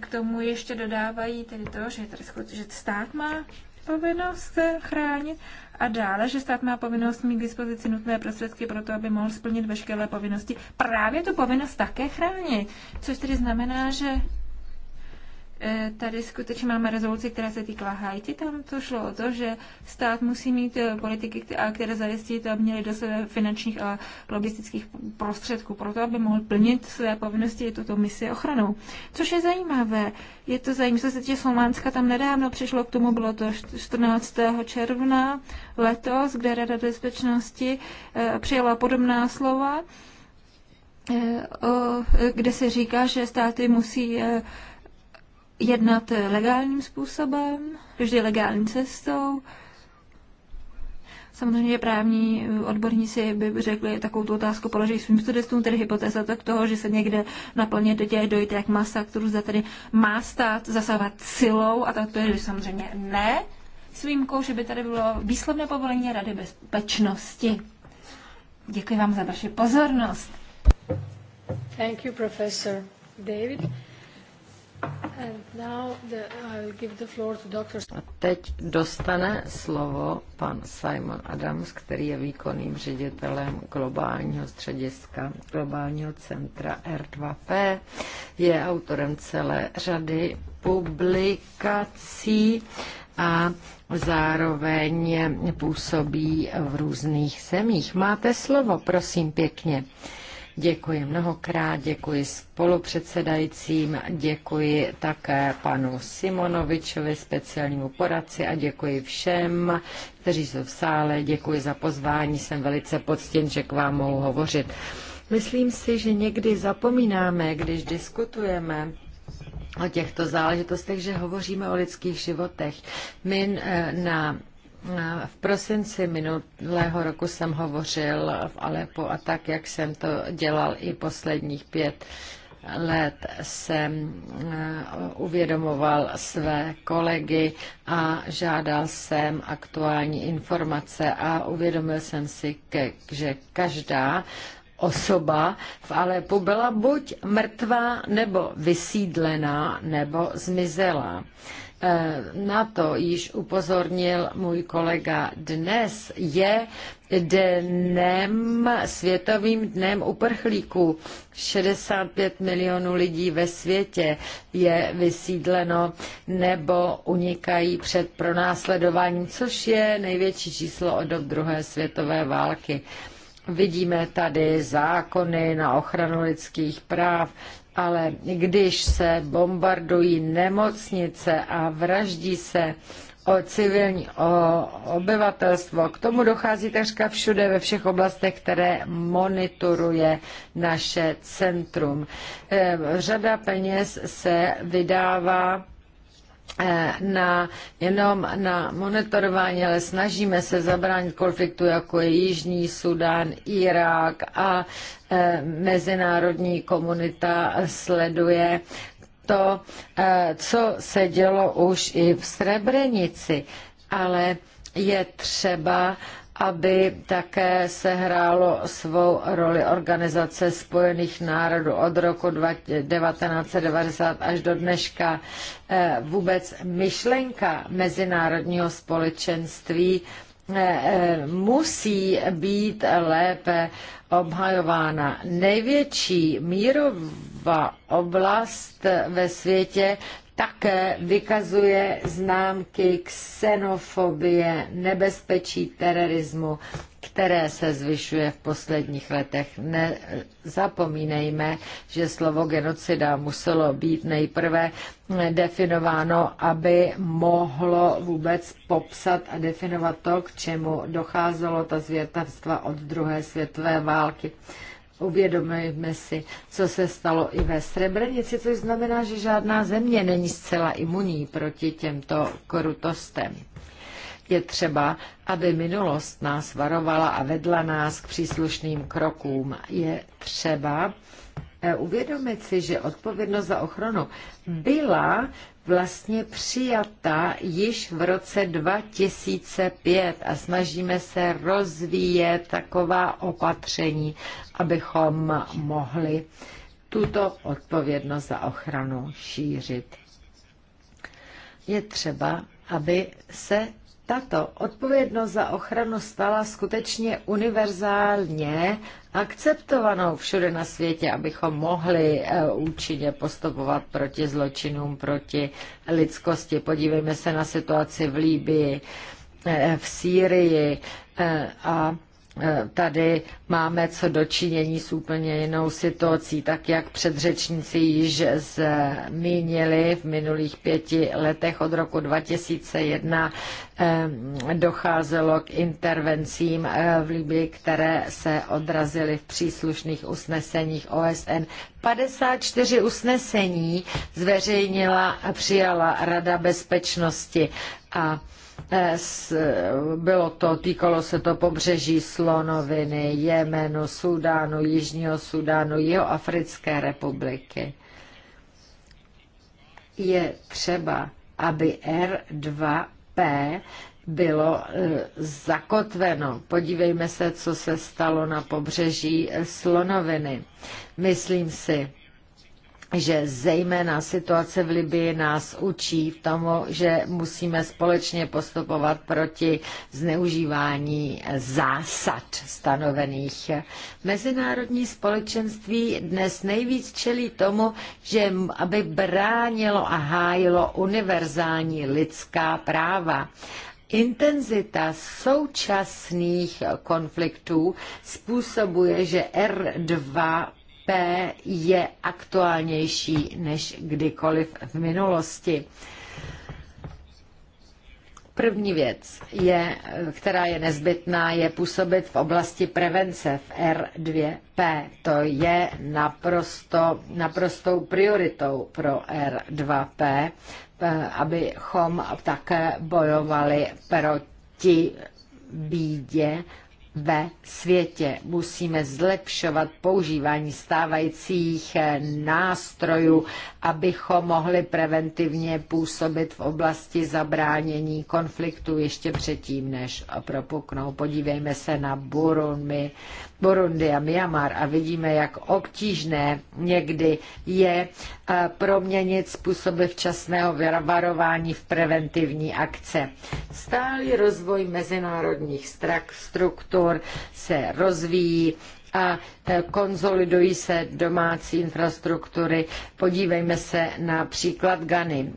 k tomu ještě dodávají tedy to, že, tady, že stát má povinnost chránit a dále, že stát má povinnost mít k dispozici nutné prostředky pro to, aby mohl splnit veškeré povinnosti. Právě tu povinnost také chránit, což tedy znamená, že E, tady skutečně máme rezoluci, která se týká Haiti. Tam to šlo o to, že stát musí mít e, politiky, které zajistí to, aby měli dost finančních a logistických prostředků pro to, aby mohl plnit své povinnosti tuto misi ochranou. Což je zajímavé. Je to zajímavé, co se tě Slovánska tam nedávno přišlo k tomu, bylo to 14. června letos, kde Rada bezpečnosti e, přijala podobná slova, kde se říká, že státy musí jednat legálním způsobem, vždy legální cestou. Samozřejmě že právní odborníci by řekli takovou tu otázku, položí svým studentům, tedy hypotéza tak toho, že se někde do těch dojde masa, kterou zda tedy má stát zasahovat silou a tak to je, že samozřejmě ne, s výjimkou, že by tady bylo výslovné povolení Rady bezpečnosti. Děkuji vám za vaši pozornost. Thank you, professor David. A teď dostane slovo pan Simon Adams, který je výkonným ředitelem globálního střediska, globálního centra R2P. Je autorem celé řady publikací a zároveň působí v různých zemích. Máte slovo, prosím pěkně. Děkuji mnohokrát, děkuji spolupředsedajícím, děkuji také panu Simonovičovi, speciálnímu poradci a děkuji všem, kteří jsou v sále, děkuji za pozvání, jsem velice poctěn, že k vám mohu hovořit. Myslím si, že někdy zapomínáme, když diskutujeme o těchto záležitostech, že hovoříme o lidských životech. My eh, na v prosinci minulého roku jsem hovořil v Alepo a tak, jak jsem to dělal i posledních pět let jsem eh, uvědomoval své kolegy a žádal jsem aktuální informace a uvědomil jsem si, že každá osoba v Alepu byla buď mrtvá, nebo vysídlená, nebo zmizela. Eh, na to již upozornil můj kolega dnes, je dnem, světovým dnem uprchlíků. 65 milionů lidí ve světě je vysídleno nebo unikají před pronásledováním, což je největší číslo od dob druhé světové války. Vidíme tady zákony na ochranu lidských práv, ale když se bombardují nemocnice a vraždí se o civilní o obyvatelstvo. K tomu dochází takřka všude, ve všech oblastech, které monitoruje naše centrum. Eh, řada peněz se vydává Eh, na, jenom na monitorování, ale snažíme se zabránit konfliktu, jako je Jižní Sudán, Irák a e, mezinárodní komunita sleduje to, e, co se dělo už i v Srebrenici, ale je třeba aby také se hrálo svou roli Organizace spojených národů od roku 1990 až do dneška. Eh, vůbec myšlenka mezinárodního společenství eh, eh, musí být lépe obhajována. Největší mírová oblast ve světě také vykazuje známky xenofobie, nebezpečí terorismu, které se zvyšuje v posledních letech. Nezapomínejme, že slovo genocida muselo být nejprve definováno, aby mohlo vůbec popsat a definovat to, k čemu docházelo ta zvětavstva od druhé světové války. Uvědomujeme si, co se stalo i ve Srebrenici, což znamená, že žádná země není zcela imunní proti těmto krutostem. Je třeba, aby minulost nás varovala a vedla nás k příslušným krokům. Je třeba eh, uvědomit si, že odpovědnost za ochranu byla vlastně přijata již v roce 2005 a snažíme se rozvíjet taková opatření, abychom mohli tuto odpovědnost za ochranu šířit. Je třeba, aby se tato odpovědnost za ochranu stala skutečně univerzálně akceptovanou všude na světě, abychom mohli eh, účinně postupovat proti zločinům, proti lidskosti. Podívejme se na situaci v Líbii, eh, v Sýrii eh, a Eh, tady máme co dočinění s úplně jinou situací, tak jak předřečníci již zmínili v minulých pěti letech od roku 2001 eh, docházelo k intervencím eh, v Libii, které se odrazily v příslušných usneseních OSN. 54 usnesení zveřejnila a přijala Rada bezpečnosti a bylo to, týkalo se to pobřeží Slonoviny, Jemenu, Sudánu, Jižního Sudánu, Jeho Africké republiky. Je třeba, aby R2P bylo e, zakotveno. Podívejme se, co se stalo na pobřeží e, Slonoviny. Myslím si, že zejména situace v Libii nás učí v tomu, že musíme společně postupovat proti zneužívání zásad stanovených. Mezinárodní společenství dnes nejvíc čelí tomu, že aby bránilo a hájilo univerzální lidská práva. Intenzita současných konfliktů způsobuje, že R2 je aktuálnější než kdykoliv v minulosti. První věc, je, která je nezbytná, je působit v oblasti prevence v R2P. To je naprosto, naprostou prioritou pro R2P, abychom také bojovali proti bídě ve světě. Musíme zlepšovat používání stávajících eh, nástrojů, abychom mohli preventivně působit v oblasti zabránění konfliktu ještě předtím, než propuknou. Podívejme se na Burundi, Burundi a Myanmar a vidíme, jak obtížné někdy je eh, proměnit způsoby včasného varování v preventivní akce. Stálý rozvoj mezinárodních struktur se rozvíjí a eh, konzolidují se domácí infrastruktury. Podívejme se na příklad Gany.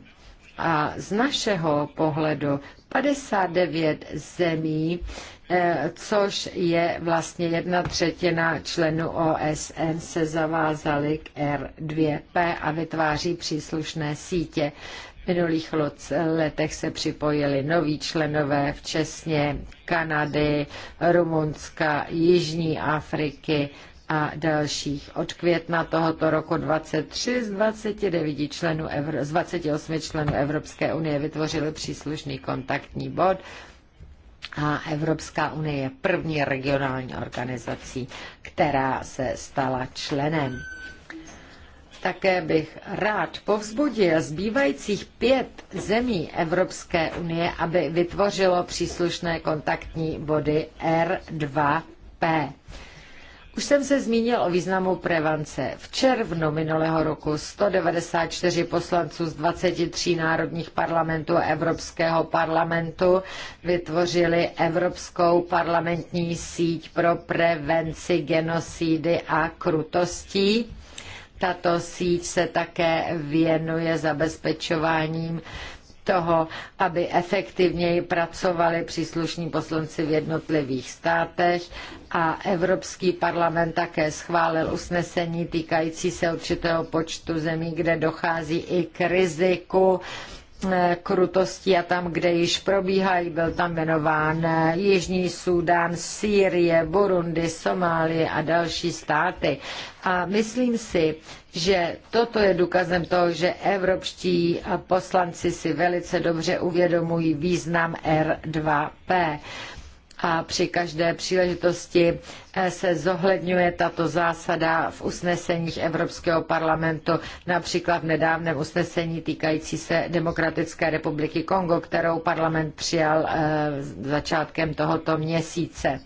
A z našeho pohledu 59 zemí Eh, což je vlastně jedna třetina členů OSN se zavázali k R2P a vytváří příslušné sítě. V minulých letech se připojili noví členové, včasně Kanady, Rumunska, Jižní Afriky, a dalších. Od května tohoto roku 23 z 29 členů Evro, z 28 členů Evropské unie vytvořili příslušný kontaktní bod a Evropská unie je první regionální organizací, která se stala členem. Také bych rád povzbudil zbývajících pět zemí Evropské unie, aby vytvořilo příslušné kontaktní body R2P. Už jsem se zmínil o významu prevence. V červnu minulého roku 194 poslanců z 23 národních parlamentů a Evropského parlamentu vytvořili Evropskou parlamentní síť pro prevenci genocidy a krutostí. Tato síť se také věnuje zabezpečováním toho, aby efektivněji pracovali příslušní poslanci v jednotlivých státech a Evropský parlament také schválil usnesení týkající se určitého počtu zemí, kde dochází i k riziku eh, krutostí a tam, kde již probíhají, byl tam jmenován eh, Jižní Súdán, Sýrie, Burundi, Somálie a další státy. A myslím si, že toto je důkazem toho, že evropští poslanci si velice dobře uvědomují význam R2P a při každé příležitosti eh, se zohledňuje tato zásada v usneseních Evropského parlamentu, například v nedávném usnesení týkající se Demokratické republiky Kongo, kterou parlament přijal eh, začátkem tohoto měsíce.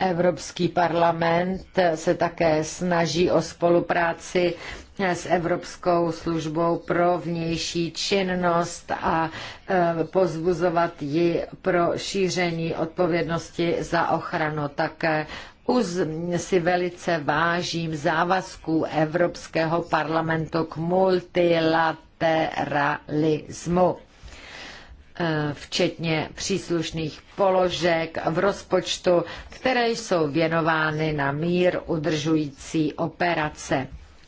Evropský parlament se také snaží o spolupráci s Evropskou službou pro vnější činnost a e, pozbuzovat ji pro šíření odpovědnosti za ochranu. Také už si velice vážím závazků Evropského parlamentu k multilateralismu. Eh, včetně příslušných položek v rozpočtu, které jsou věnovány na mír udržující operace.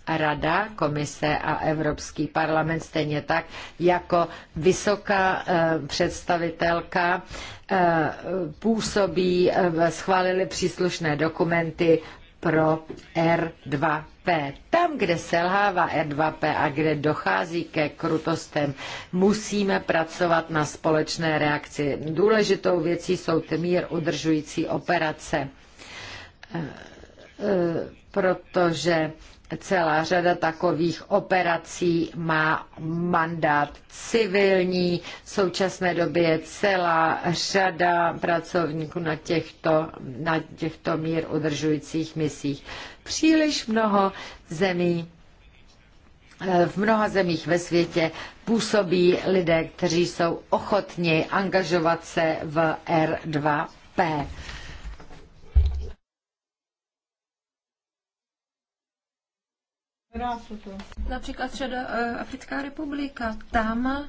Rada, komise a Evropský parlament, stejně tak jako vysoká eh, představitelka eh, působí, schválili příslušné dokumenty pro R2 2P. Tam, kde selhává R2P a kde dochází ke krutostem, musíme pracovat na společné reakci. Důležitou věcí jsou ty mír udržující operace, eh, eh, protože celá řada takových operací má mandát civilní. V současné době je celá řada pracovníků na těchto, na těchto mír udržujících misích. Příliš mnoho zemí eh, v mnoha zemích ve světě působí lidé, kteří jsou ochotni angažovat se v R2P. Například Středoafrická republika. Tam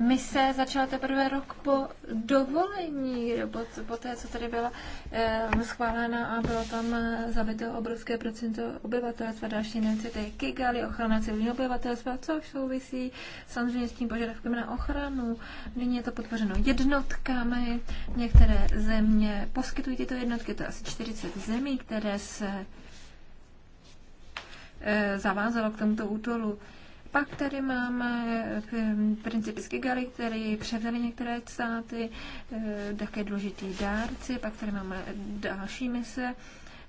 mise začala teprve rok po dovolení, po, po té, co tady byla eh, schválena a bylo tam eh, zabito obrovské procento obyvatelstva. Další nevíce, to je Kigali, ochrana civilního obyvatelstva, co souvisí samozřejmě s tím požadavkem na ochranu. Nyní je to podpořeno jednotkami. Některé země poskytují tyto jednotky, to je asi 40 zemí, které se eh, zavázalo k tomuto útolu. Eh, pak tady máme eh, principy z Kigali, který převzali některé státy, eh, také důležitý dárci, pak tady máme další mise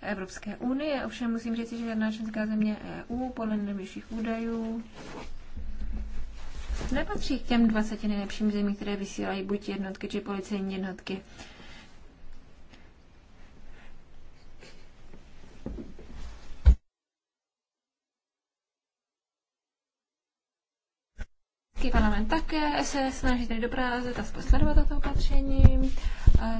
Evropské unie, ovšem musím říct, že jedna členská země EU podle nejvyšších údajů nepatří k těm 20 nejlepším zemím, které vysílají buď jednotky, či policejní jednotky. Evropský parlament také se snaží tedy doprázet a sledovat toto opatření,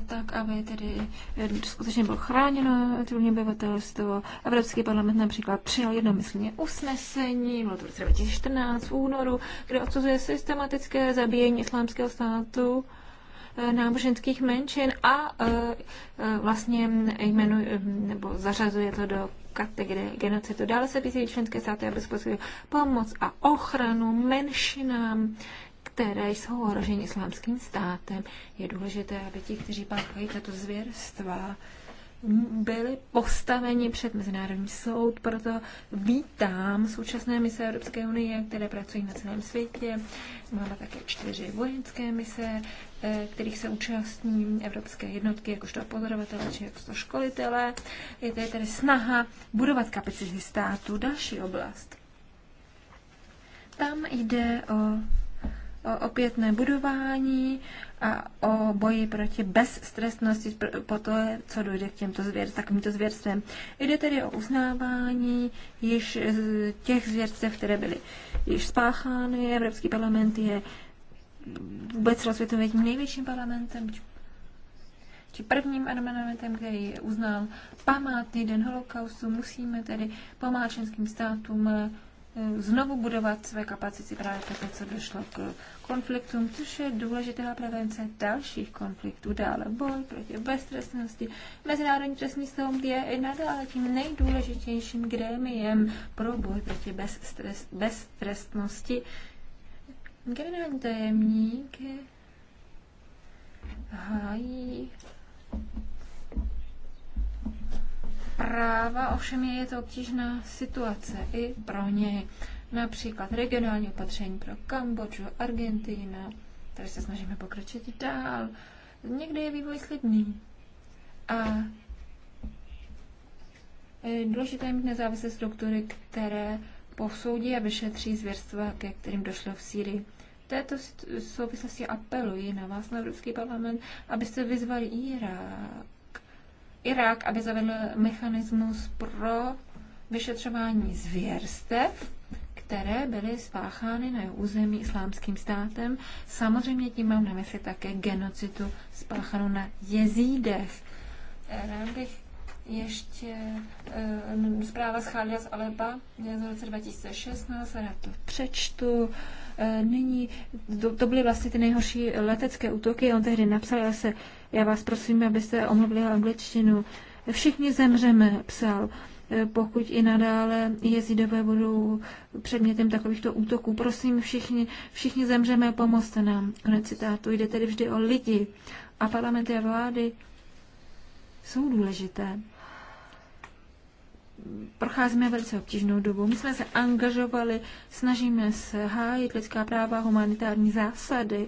tak aby tedy eh, skutečně bylo chráněno civilní obyvatelstvo. Evropský parlament například přijal jednomyslně usnesení, bylo to v roce 2014 v únoru, kde odsuzuje systematické zabíjení islámského státu Eh, náboženských menšin a eh, eh, vlastně jmenuje, nebo zařazuje to do kategorie genocidu. Dále se vyzývají členské státy, aby způsobili pomoc a ochranu menšinám, které jsou ohroženy islámským státem. Je důležité, aby ti, kteří páchají tato zvěrstva, byli postaveni před Mezinárodní soud, proto vítám současné mise Evropské unie, které pracují na celém světě. Máme také čtyři vojenské mise, Eh, kterých se účastní evropské jednotky, jakožto pozorovatele či jakožto školitele. Je to tedy snaha budovat kapacity státu, další oblast. Tam jde o, o opětné budování a o boji proti bezstresnosti po to, co dojde k těmto zvěr, takovýmto zvěrstvem. Jde tedy o uznávání již těch zvěrstev, které byly již spáchány. Evropský parlament je vůbec rozvětujeme tím největším parlamentem, či prvním parlamentem, který uznal památný den holokaustu. Musíme tedy pomáčenským státům eh, znovu budovat své kapacity právě proto, co došlo k konfliktům, což je důležitá prevence dalších konfliktů. Dále boj proti beztrestnosti. Mezinárodní trestní soud je i nadále tím nejdůležitějším grémiem pro boj proti beztrest, beztrestnosti, Generální tajemník hájí práva, ovšem je to obtížná situace i pro ně. Například regionální opatření pro Kambodžu, Argentina, tady se snažíme pokročit dál. Někdy je vývoj slibný. A důležité je mít nezávislé struktury, které posoudí a vyšetří zvěrstva, ke kterým došlo v Sýrii této souvislosti apeluji na vás, na Evropský parlament, abyste vyzvali Irák, Irák, aby zavedl mechanismus pro vyšetřování zvěrstev, které byly spáchány na území islámským státem. Samozřejmě tím mám na mysli také genocidu spáchanou na jezídech. Rád bych ještě e, zpráva z Chalias Aleba z roce 2016, rád to přečtu. Eh, nyní, to, to byly vlastně ty nejhorší letecké útoky, on tehdy napsal, já, se, já vás prosím, abyste omluvili angličtinu. Všichni zemřeme, psal eh, pokud i nadále jezidové budou předmětem takovýchto útoků. Prosím, všichni, všichni zemřeme, pomozte nám. Konec citátu. Jde tedy vždy o lidi. A parlamenty a vlády jsou důležité procházíme velice obtížnou dobu. My jsme se angažovali, snažíme se hájit lidská práva, humanitární zásady,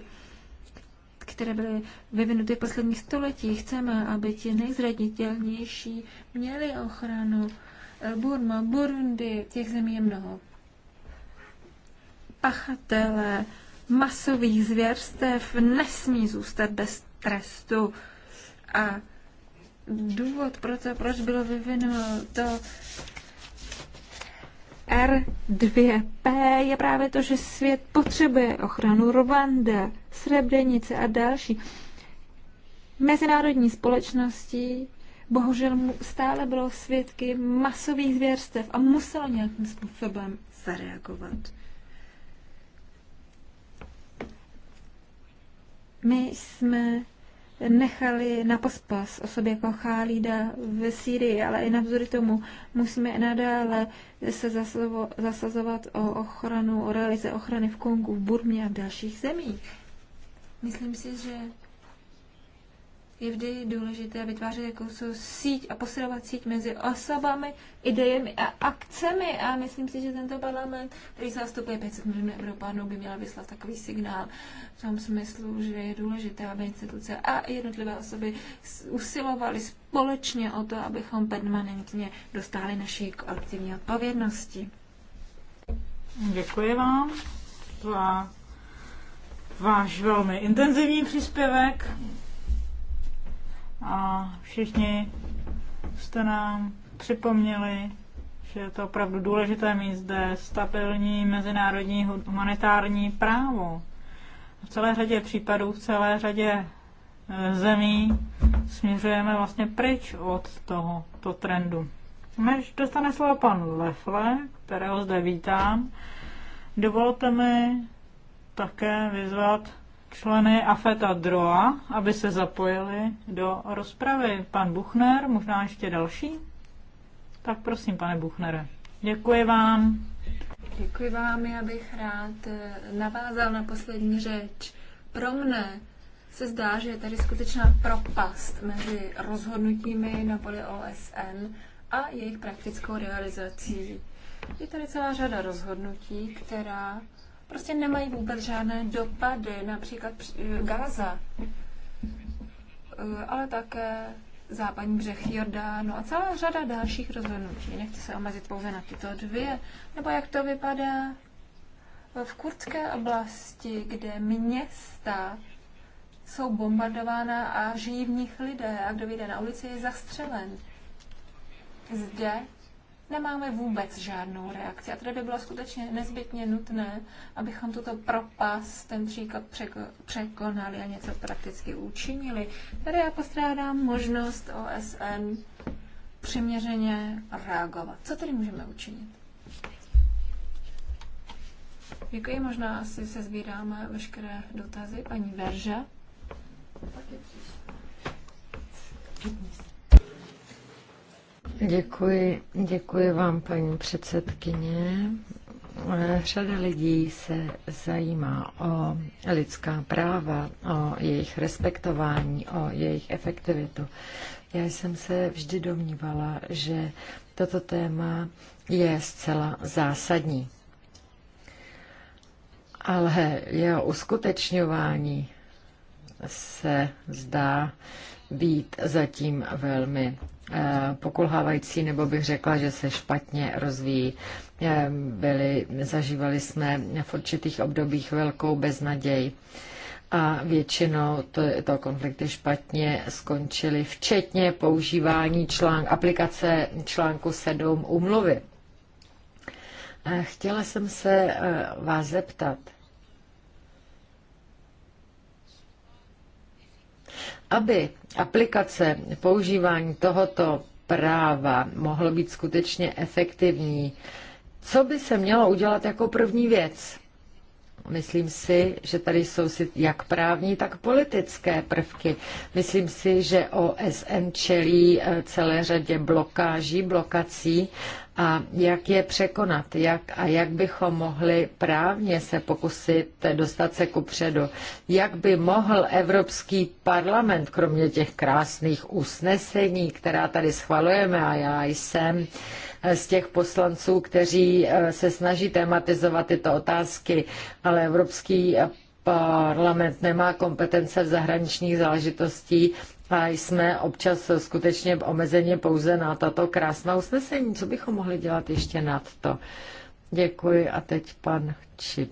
které byly vyvinuty v posledních století. Chceme, aby ti nejzraditelnější měli ochranu. Burma, Burundi, těch zemí je mnoho. Pachatele masových zvěrstev nesmí zůstat bez trestu. A důvod pro to, proč bylo vyvinuto R2P je právě to, že svět potřebuje ochranu Rwanda, Srebrenice a další. Mezinárodní společnosti. bohužel mu stále bylo svědky masových zvěrstev a muselo nějakým způsobem zareagovat. My jsme nechali na pospas osoby jako Chálída v Sýrii, ale i navzdory tomu musíme nadále se zasazovat o ochranu, o realize ochrany v Kongu, v Burmě a v dalších zemích. Myslím si, že je vždy důležité vytvářet jakousi síť a posilovat síť mezi osobami, idejemi a akcemi. A myslím si, že tento parlament, který zastupuje 500 milionů Evropanů, by měl vyslat takový signál v tom smyslu, že je důležité, aby instituce a jednotlivé osoby usilovaly společně o to, abychom permanentně dostali naší kolektivní odpovědnosti. Děkuji vám za váš velmi intenzivní příspěvek a všichni jste nám připomněli, že je to opravdu důležité mít zde stabilní mezinárodní humanitární právo. V celé řadě případů, v celé řadě e, zemí směřujeme vlastně pryč od tohoto trendu. Než dostane slovo pan Lefle, kterého zde vítám, dovolte mi také vyzvat členy AFETA DROA, aby se zapojili do rozpravy. Pan Buchner, možná ještě další? Tak prosím, pane Buchnere. Děkuji vám. Děkuji vám, já bych rád eh, navázal na poslední řeč. Pro mne se zdá, že je tady skutečná propast mezi rozhodnutími na poli OSN a jejich praktickou realizací. Je tady celá řada rozhodnutí, která prostě nemají vůbec žádné dopady, například eh, Gaza, eh, ale také západní břeh Jordánu a celá řada dalších rozhodnutí. Nechci se omezit pouze na tyto dvě, nebo jak to vypadá v kurdské oblasti, kde města jsou bombardována a žijí v nich lidé a kdo vyjde na ulici je zastřelen. Zde nemáme vůbec žádnou reakci. A tady by bylo skutečně nezbytně nutné, abychom tuto propas, ten příklad překonali a něco prakticky učinili. Tady já postrádám možnost OSN přiměřeně reagovat. Co tedy můžeme učinit? Děkuji, možná asi se sbíráme veškeré dotazy. Paní Verža. Pak je Děkuji, děkuji vám, paní předsedkyně. Řada lidí se zajímá o lidská práva, o jejich respektování, o jejich efektivitu. Já jsem se vždy domnívala, že toto téma je zcela zásadní. Ale jeho uskutečňování se zdá, být zatím velmi eh, pokulhávající, nebo bych řekla, že se špatně rozvíjí. Eh, byli, zažívali jsme v určitých obdobích velkou beznaděj a většinou to, to konflikty špatně skončily, včetně používání článk, aplikace článku 7 úmluvy. Eh, chtěla jsem se vás zeptat, Aby aplikace používání tohoto práva mohlo být skutečně efektivní, co by se mělo udělat jako první věc? Myslím si, že tady jsou si jak právní, tak politické prvky. Myslím si, že OSN čelí eh, celé řadě blokáží, blokací a jak je překonat jak a jak bychom mohli právně se pokusit dostat se ku předu. Jak by mohl Evropský parlament, kromě těch krásných usnesení, která tady schvalujeme a já jsem z těch poslanců, kteří eh, se snaží tematizovat tyto otázky, ale Evropský eh, parlament nemá kompetence v zahraničních záležitostí a jsme občas skutečně omezeně pouze na tato krásná usnesení. Co bychom mohli dělat ještě nad to? Děkuji a teď pan Čip.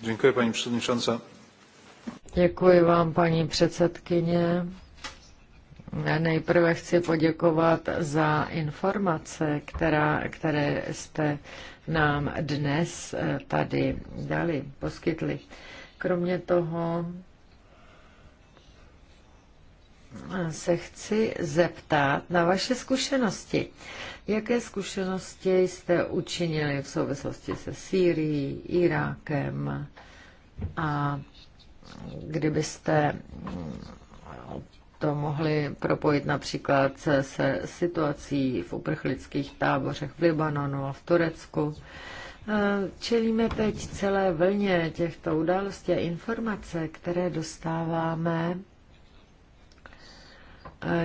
Děkuji, paní předsedničance. Děkuji vám, paní předsedkyně. Nejprve chci poděkovat za informace, která, které jste nám dnes eh, tady dali, poskytli. Kromě toho se chci zeptat na vaše zkušenosti. Jaké zkušenosti jste učinili v souvislosti se Sýrií, Irákem a kdybyste to mohli propojit například se, se situací v uprchlických tábořech v Libanonu a v Turecku. Eh, čelíme teď celé vlně těchto událostí a informace, které dostáváme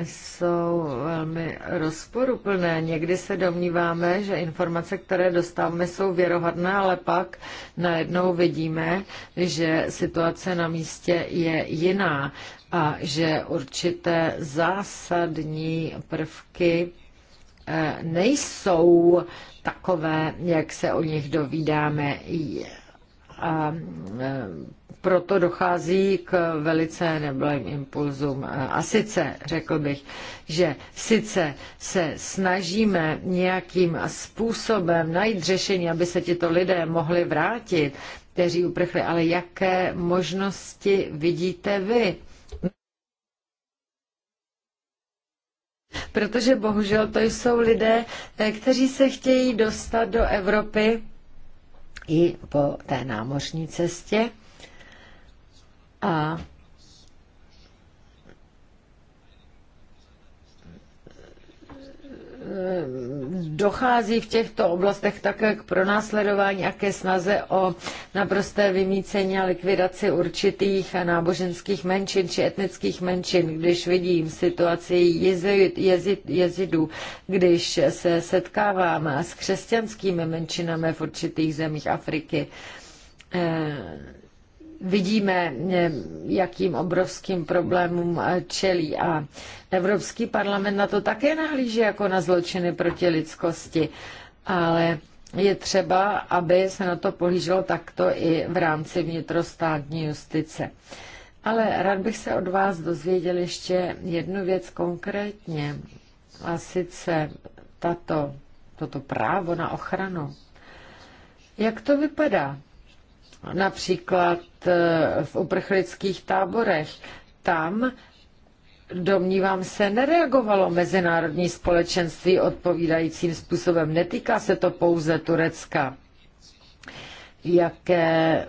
jsou velmi rozporuplné. Někdy se domníváme, že informace, které dostáváme, jsou věrohodné, ale pak najednou vidíme, že situace na místě je jiná a že určité zásadní prvky eh, nejsou takové, jak se o nich dovídáme. A eh, proto dochází k velice neblým impulzům. A sice, řekl bych, že sice se snažíme nějakým způsobem najít řešení, aby se tito lidé mohli vrátit, kteří uprchli, ale jaké možnosti vidíte vy? Protože bohužel to jsou lidé, eh, kteří se chtějí dostat do Evropy i po té námořní cestě a dochází v těchto oblastech také k pronásledování a ke snaze o naprosté vymícení a likvidaci určitých náboženských menšin či etnických menšin, když vidím situaci jezid, jezid, jezidů, když se setkávám s křesťanskými menšinami v určitých zemích Afriky eh, vidíme, eh, jakým obrovským problémům eh, čelí. A Evropský parlament na to také nahlíží jako na zločiny proti lidskosti. Ale je třeba, aby se na to pohlíželo takto i v rámci vnitrostátní justice. Ale rád bych se od vás dozvěděl ještě jednu věc konkrétně, a sice tato, toto právo na ochranu. Jak to vypadá? například eh, v uprchlických táborech. Tam domnívám se, nereagovalo mezinárodní společenství odpovídajícím způsobem. Netýká se to pouze Turecka. Jaké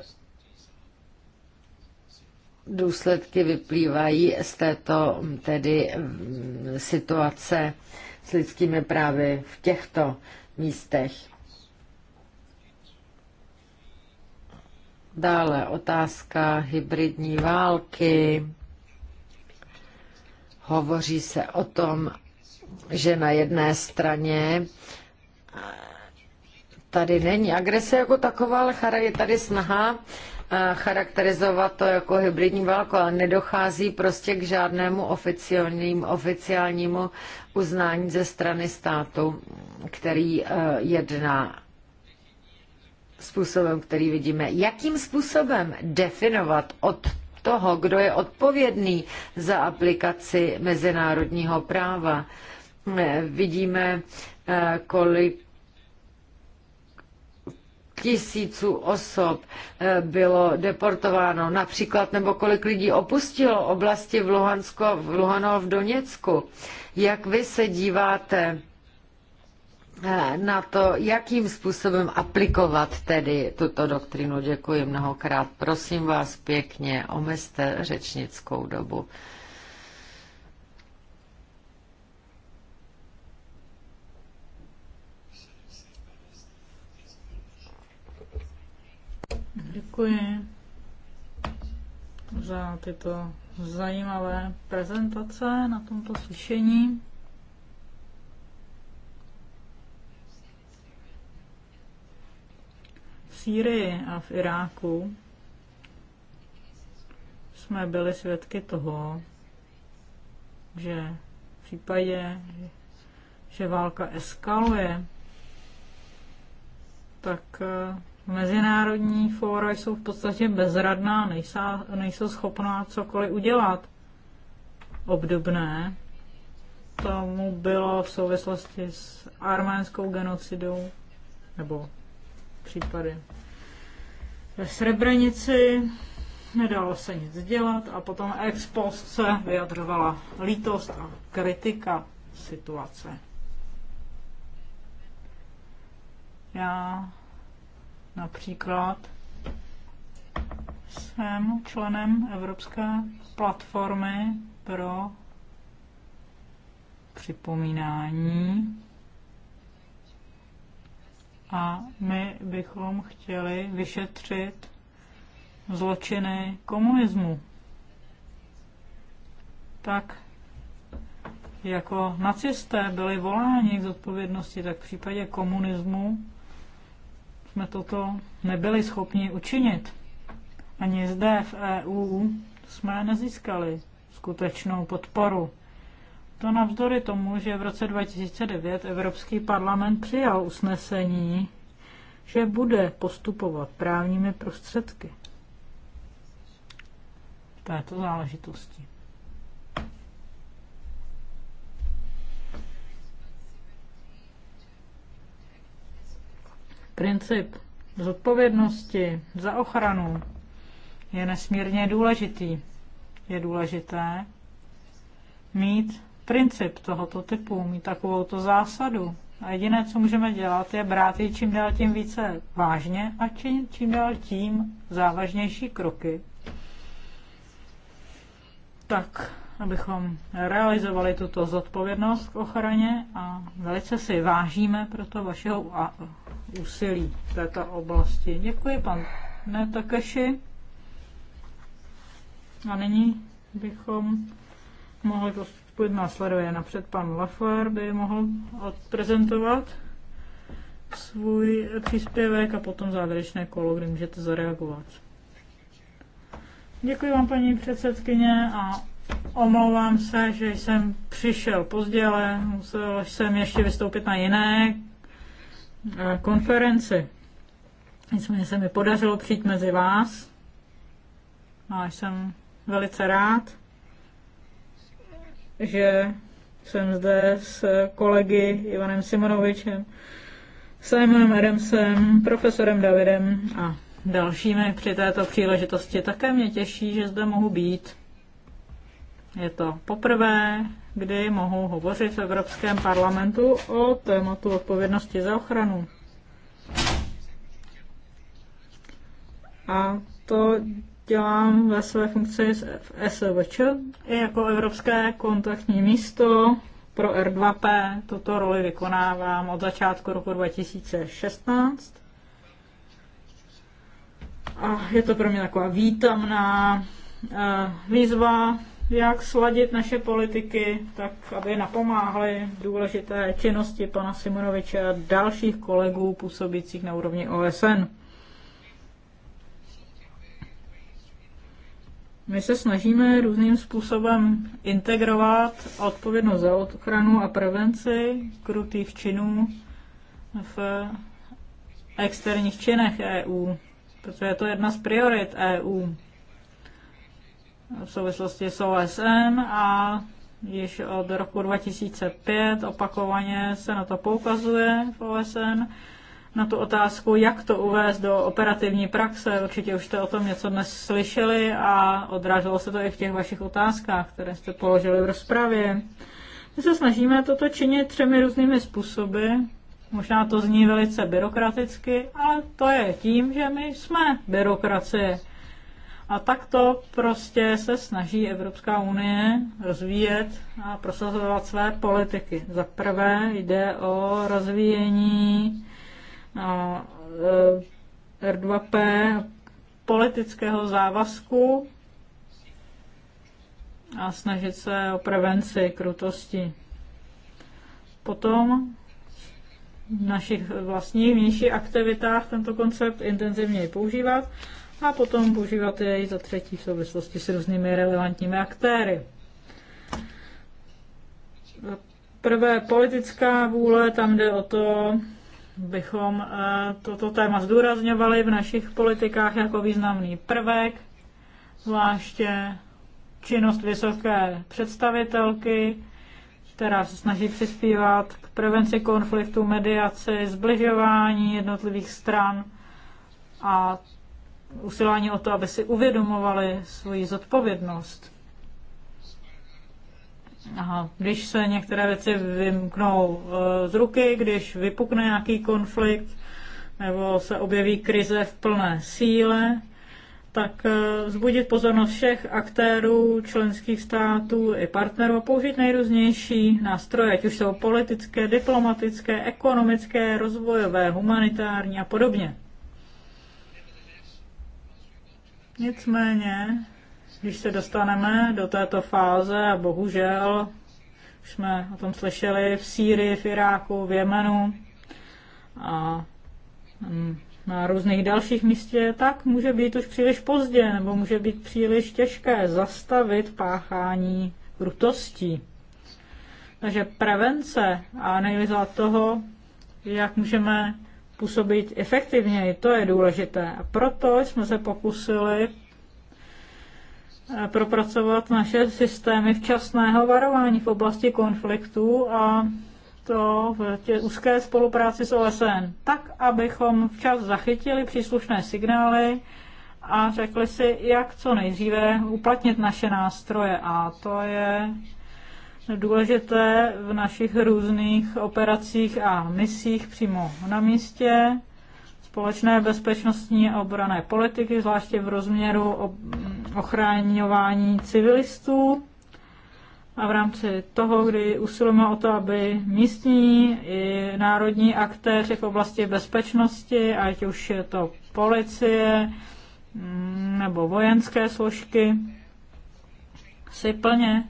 důsledky vyplývají z této tedy mm, situace s lidskými právy v těchto místech? Dále otázka hybridní války. Hovoří se o tom, že na jedné straně tady není agrese jako taková, ale je tady snaha charakterizovat to jako hybridní válku, ale nedochází prostě k žádnému oficiálnímu uznání ze strany státu, který e, jedná způsobem, který vidíme. Jakým způsobem definovat od toho, kdo je odpovědný za aplikaci mezinárodního práva? Vidíme, eh, kolik tisíců osob eh, bylo deportováno například, nebo kolik lidí opustilo oblasti v, Luhansko, v Luhano v Doněcku. Jak vy se díváte Eh, na to, jakým způsobem aplikovat tedy tuto doktrinu. Děkuji mnohokrát. Prosím vás pěkně, omezte řečnickou dobu. Děkuji za tyto zajímavé prezentace na tomto slyšení. Sýrii a v Iráku jsme byli svědky toho, že v případě, že válka eskaluje, tak eh, mezinárodní fóra jsou v podstatě bezradná, nejsou, nejsou schopná cokoliv udělat. Obdobné tomu bylo v souvislosti s arménskou genocidou, nebo případy. Ve Srebrenici nedalo se nic dělat a potom ex post se vyjadřovala lítost a kritika situace. Já například jsem členem Evropské platformy pro připomínání a my bychom chtěli vyšetřit zločiny komunismu. Tak jako nacisté byli voláni k zodpovědnosti, tak v případě komunismu jsme toto nebyli schopni učinit. Ani zde v EU jsme nezískali skutečnou podporu. To navzdory tomu, že v roce 2009 Evropský parlament přijal usnesení, že bude postupovat právními prostředky v této záležitosti. Princip zodpovědnosti za ochranu je nesmírně důležitý. Je důležité mít princip tohoto typu, mít to zásadu. A jediné, co můžeme dělat, je brát ji čím dál tím více vážně a čím, čím dál tím závažnější kroky. Tak, abychom realizovali tuto zodpovědnost k ochraně a velice si vážíme proto vašeho úsilí v této oblasti. Děkuji, pane Takeši. A nyní bychom mohli postup následuje napřed pan Lafar, by mohl odprezentovat svůj příspěvek a potom závěrečné kolo, kdy můžete zareagovat. Děkuji vám, paní předsedkyně, a omlouvám se, že jsem přišel pozdě, ale musel jsem ještě vystoupit na jiné eh, konferenci. Nicméně se mi podařilo přijít mezi vás a jsem velice rád že jsem zde s kolegy Ivanem Simonovičem, Simonem Adamsem, profesorem Davidem a dalšími při této příležitosti. Také mě těší, že zde mohu být. Je to poprvé, kdy mohu hovořit v Evropském parlamentu o tématu odpovědnosti za ochranu. A to dělám ve své funkci v SVČ i jako Evropské kontaktní místo pro R2P. Tuto roli vykonávám od začátku roku 2016. A je to pro mě taková výtamná eh, výzva, jak sladit naše politiky, tak aby napomáhly důležité činnosti pana Simonoviče a dalších kolegů působících na úrovni OSN. My se snažíme různým způsobem integrovat odpovědnost za ochranu a prevenci krutých činů v externích činech EU, protože je to jedna z priorit EU v souvislosti s OSN a již od roku 2005 opakovaně se na to poukazuje v OSN na tu otázku, jak to uvést do operativní praxe. Určitě už jste o tom něco dnes slyšeli a odráželo se to i v těch vašich otázkách, které jste položili v rozpravě. My se snažíme toto činit třemi různými způsoby. Možná to zní velice byrokraticky, ale to je tím, že my jsme byrokracie. A tak to prostě se snaží Evropská unie rozvíjet a prosazovat své politiky. Za prvé jde o rozvíjení a e, R2P politického závazku a snažit se o prevenci krutosti. Potom v našich vlastních vnějších aktivitách tento koncept intenzivněji používat a potom používat jej za třetí v souvislosti s různými relevantními aktéry. Prvé politická vůle, tam jde o to bychom eh, toto téma zdůrazňovali v našich politikách jako významný prvek, zvláště činnost vysoké představitelky, která se snaží přispívat k prevenci konfliktu, mediaci, zbližování jednotlivých stran a usilování o to, aby si uvědomovali svoji zodpovědnost. Aha, když se některé věci vymknou eh, z ruky, když vypukne nějaký konflikt nebo se objeví krize v plné síle, tak eh, vzbudit pozornost všech aktérů, členských států i partnerů a použít nejrůznější nástroje, ať už jsou politické, diplomatické, ekonomické, rozvojové, humanitární a podobně. Nicméně když se dostaneme do této fáze, a bohužel už jsme o tom slyšeli v Sýrii, v Iráku, v Jemenu a na různých dalších místě, tak může být už příliš pozdě nebo může být příliš těžké zastavit páchání krutostí. Takže prevence a analýza toho, jak můžeme působit efektivněji, to je důležité. A proto jsme se pokusili propracovat naše systémy včasného varování v oblasti konfliktů a to v tě, úzké spolupráci s OSN, tak abychom včas zachytili příslušné signály a řekli si, jak co nejdříve uplatnit naše nástroje. A to je důležité v našich různých operacích a misích přímo na místě společné bezpečnostní a obrané politiky, zvláště v rozměru ochráňování civilistů. A v rámci toho, kdy usilujeme o to, aby místní i národní aktéři v oblasti bezpečnosti, ať už je to policie mm, nebo vojenské složky, si plně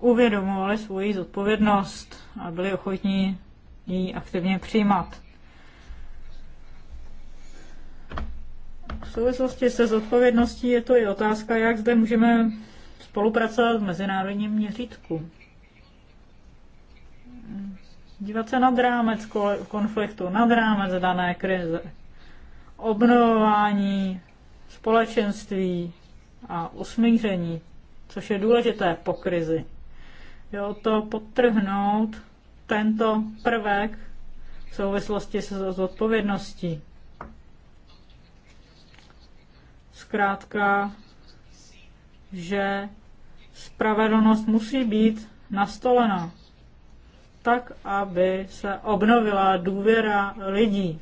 uvědomovali svoji zodpovědnost a byli ochotní ji aktivně přijímat. V souvislosti se zodpovědností je to i otázka, jak zde můžeme spolupracovat v mezinárodním měřítku. Dívat se nad rámec konfliktu, nad rámec dané krize, obnovování společenství a usmíření, což je důležité po krizi. Jo, to podtrhnout tento prvek v souvislosti se zodpovědností zkrátka, že spravedlnost musí být nastolena tak, aby se obnovila důvěra lidí,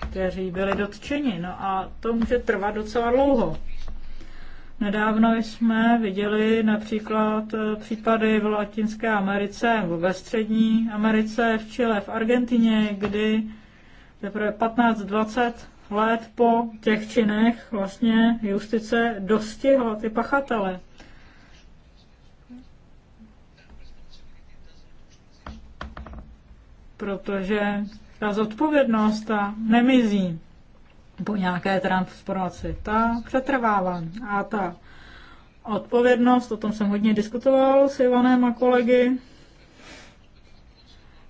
kteří byli dotčeni. No a to může trvat docela dlouho. Nedávno jsme viděli například eh, případy v Latinské Americe nebo ve Střední Americe, v Chile, v Argentině, kdy teprve 15-20 let po těch činech vlastně justice dostihla ty pachatele. Protože ta zodpovědnost ta nemizí po nějaké transformaci. Ta přetrvává. A ta odpovědnost, o tom jsem hodně diskutoval s Ivanem a kolegy,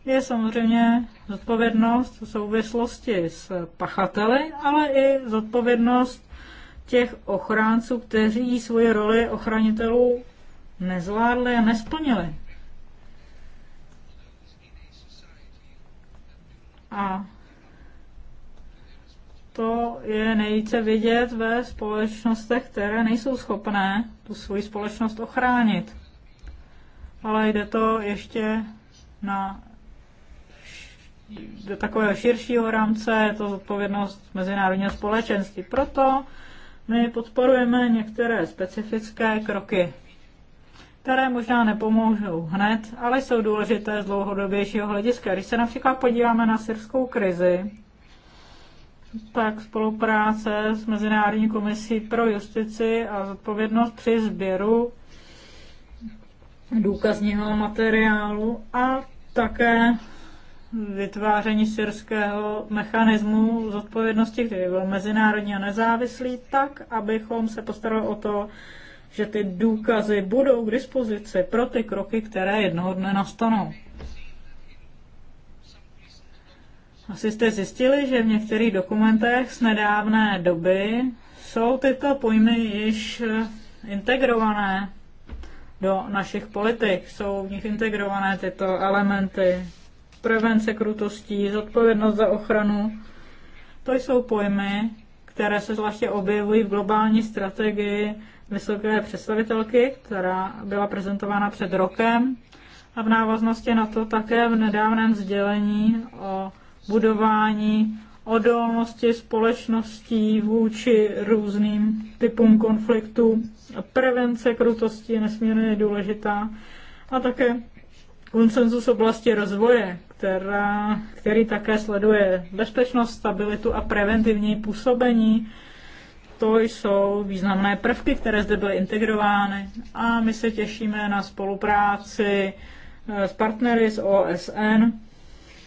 je samozřejmě zodpovědnost v souvislosti s pachateli, ale i zodpovědnost těch ochránců, kteří svoji roli ochranitelů nezvládli a nesplnili. A to je nejvíce vidět ve společnostech, které nejsou schopné tu svoji společnost ochránit. Ale jde to ještě na do takového širšího rámce, je to zodpovědnost mezinárodního společenství. Proto my podporujeme některé specifické kroky, které možná nepomůžou hned, ale jsou důležité z dlouhodobějšího hlediska. Když se například podíváme na syrskou krizi, tak spolupráce s Mezinárodní komisí pro justici a zodpovědnost při sběru důkazního materiálu a také vytváření syrského mechanismu zodpovědnosti, který byl mezinárodně nezávislý, tak, abychom se postarali o to, že ty důkazy budou k dispozici pro ty kroky, které jednoho dne nastanou. Asi jste zjistili, že v některých dokumentech z nedávné doby jsou tyto pojmy již integrované do našich politik. Jsou v nich integrované tyto elementy prevence krutostí, zodpovědnost za ochranu. To jsou pojmy, které se zvláště objevují v globální strategii vysoké představitelky, která byla prezentována před rokem a v návaznosti na to také v nedávném sdělení o budování odolnosti společností vůči různým typům konfliktu, Prevence krutosti je nesmírně důležitá a také konsenzus oblasti rozvoje která, který také sleduje bezpečnost, stabilitu a preventivní působení. To jsou významné prvky, které zde byly integrovány a my se těšíme na spolupráci eh, s partnery z OSN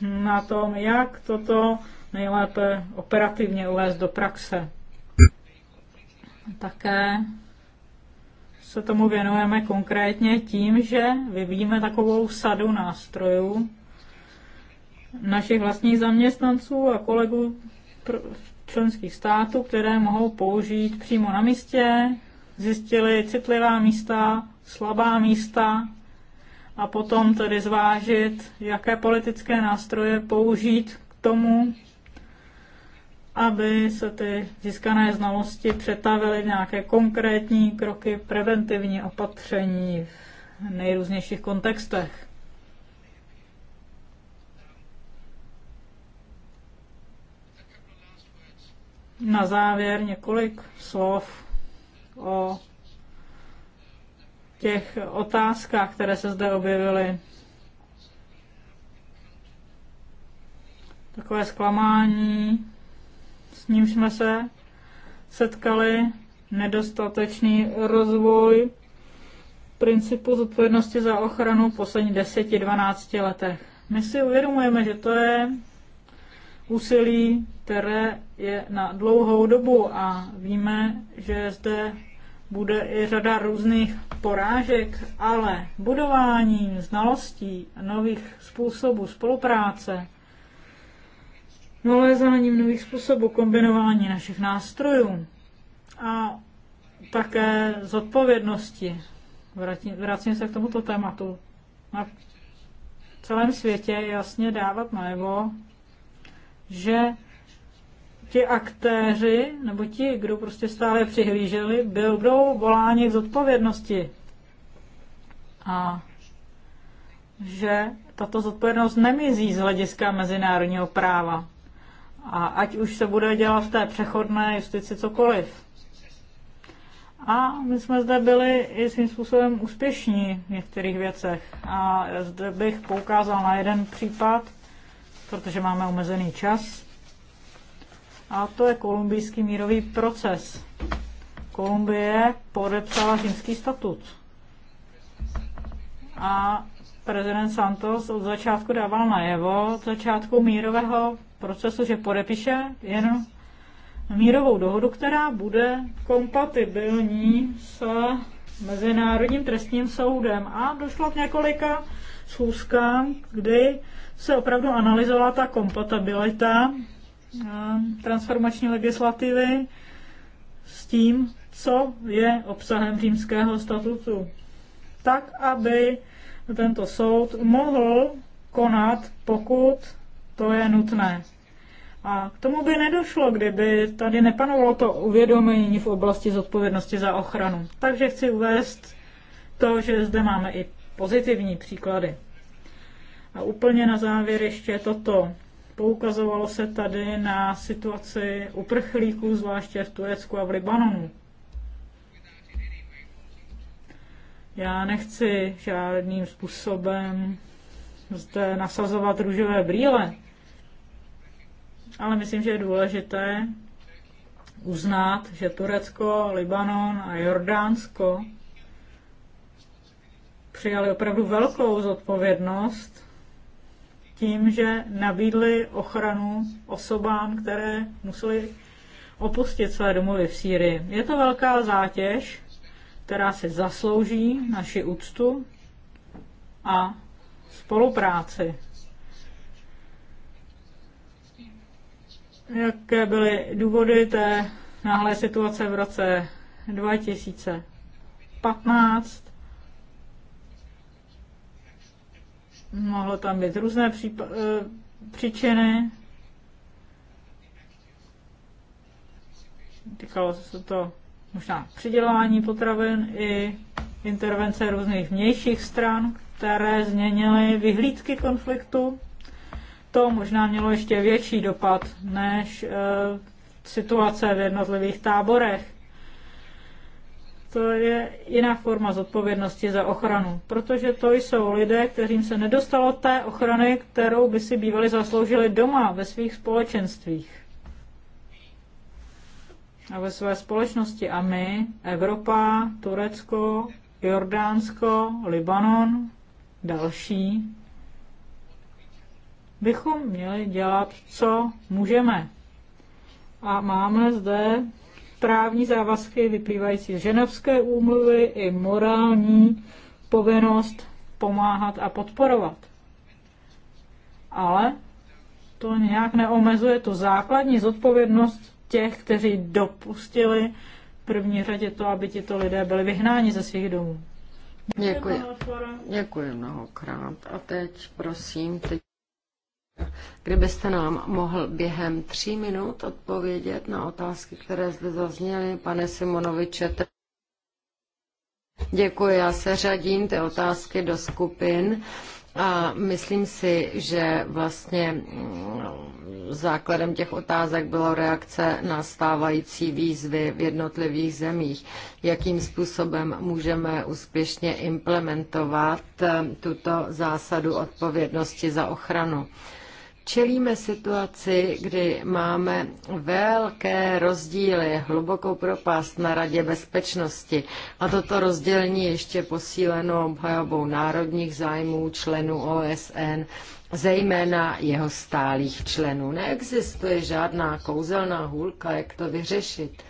na tom, jak toto nejlépe operativně uvést do praxe. Také se tomu věnujeme konkrétně tím, že vyvíjíme takovou sadu nástrojů, našich vlastních zaměstnanců a kolegů členských států, které mohou použít přímo na místě, zjistili citlivá místa, slabá místa a potom tedy zvážit, jaké politické nástroje použít k tomu, aby se ty získané znalosti přetavily v nějaké konkrétní kroky, preventivní opatření v nejrůznějších kontextech. na závěr několik slov o těch otázkách, které se zde objevily. Takové zklamání, s ním jsme se setkali, nedostatečný rozvoj principu zodpovědnosti za ochranu v posledních 10-12 letech. My si uvědomujeme, že to je úsilí které je na dlouhou dobu a víme, že zde bude i řada různých porážek, ale budování znalostí nových způsobů spolupráce, nalézáním nových způsobů kombinování našich nástrojů a také zodpovědnosti. vracím, se k tomuto tématu. Na celém světě jasně dávat najevo, že ti aktéři, nebo ti, kdo prostě stále přihlíželi, byl, budou voláni k zodpovědnosti. A že tato zodpovědnost nemizí z hlediska mezinárodního práva. A ať už se bude dělat v té přechodné justici cokoliv. A my jsme zde byli i svým způsobem úspěšní v některých věcech. A zde bych poukázal na jeden případ, protože máme omezený čas a to je kolumbijský mírový proces. Kolumbie podepsala římský statut. A prezident Santos od začátku dával najevo, od začátku mírového procesu, že podepíše jen mírovou dohodu, která bude kompatibilní s Mezinárodním trestním soudem. A došlo k několika schůzkám, kdy se opravdu analyzovala ta kompatibilita transformační legislativy s tím, co je obsahem římského statutu. Tak, aby tento soud mohl konat, pokud to je nutné. A k tomu by nedošlo, kdyby tady nepanovalo to uvědomění v oblasti zodpovědnosti za ochranu. Takže chci uvést to, že zde máme i pozitivní příklady. A úplně na závěr ještě toto. Poukazovalo se tady na situaci uprchlíků, zvláště v Turecku a v Libanonu. Já nechci žádným způsobem zde nasazovat růžové brýle, ale myslím, že je důležité uznat, že Turecko, Libanon a Jordánsko přijali opravdu velkou zodpovědnost tím, že nabídli ochranu osobám, které museli opustit své domovy v Sýrii. Je to velká zátěž, která si zaslouží naši úctu a spolupráci. Jaké byly důvody té náhlé situace v roce 2015? Mohlo tam být různé eh, příčiny. Týkalo se to možná přidělování potravin i intervence různých vnějších stran, které změnily vyhlídky konfliktu. To možná mělo ještě větší dopad než e, situace v jednotlivých táborech to je jiná forma zodpovědnosti za ochranu, protože to jsou lidé, kterým se nedostalo té ochrany, kterou by si bývali zasloužili doma ve svých společenstvích a ve své společnosti. A my, Evropa, Turecko, Jordánsko, Libanon, další, bychom měli dělat, co můžeme. A máme zde právní závazky vyplývající z ženovské úmluvy i morální povinnost pomáhat a podporovat. Ale to nějak neomezuje tu základní zodpovědnost těch, kteří dopustili v první řadě to, aby tito lidé byli vyhnáni ze svých domů. Děkuji. Děkuji mnohokrát. A teď prosím, teď Kdybyste nám mohl během tří minut odpovědět na otázky, které zde zazněly, pane Simonoviče. Děkuji, já se řadím ty otázky do skupin a myslím si, že vlastně mm, základem těch otázek byla reakce na stávající výzvy v jednotlivých zemích. Jakým způsobem můžeme úspěšně implementovat eh, tuto zásadu odpovědnosti za ochranu? Čelíme situaci, kdy máme velké rozdíly, hlubokou propast na Radě bezpečnosti a toto rozdělení ještě posíleno obhajobou národních zájmů členů OSN, zejména jeho stálých členů. Neexistuje žádná kouzelná hůlka, jak to vyřešit,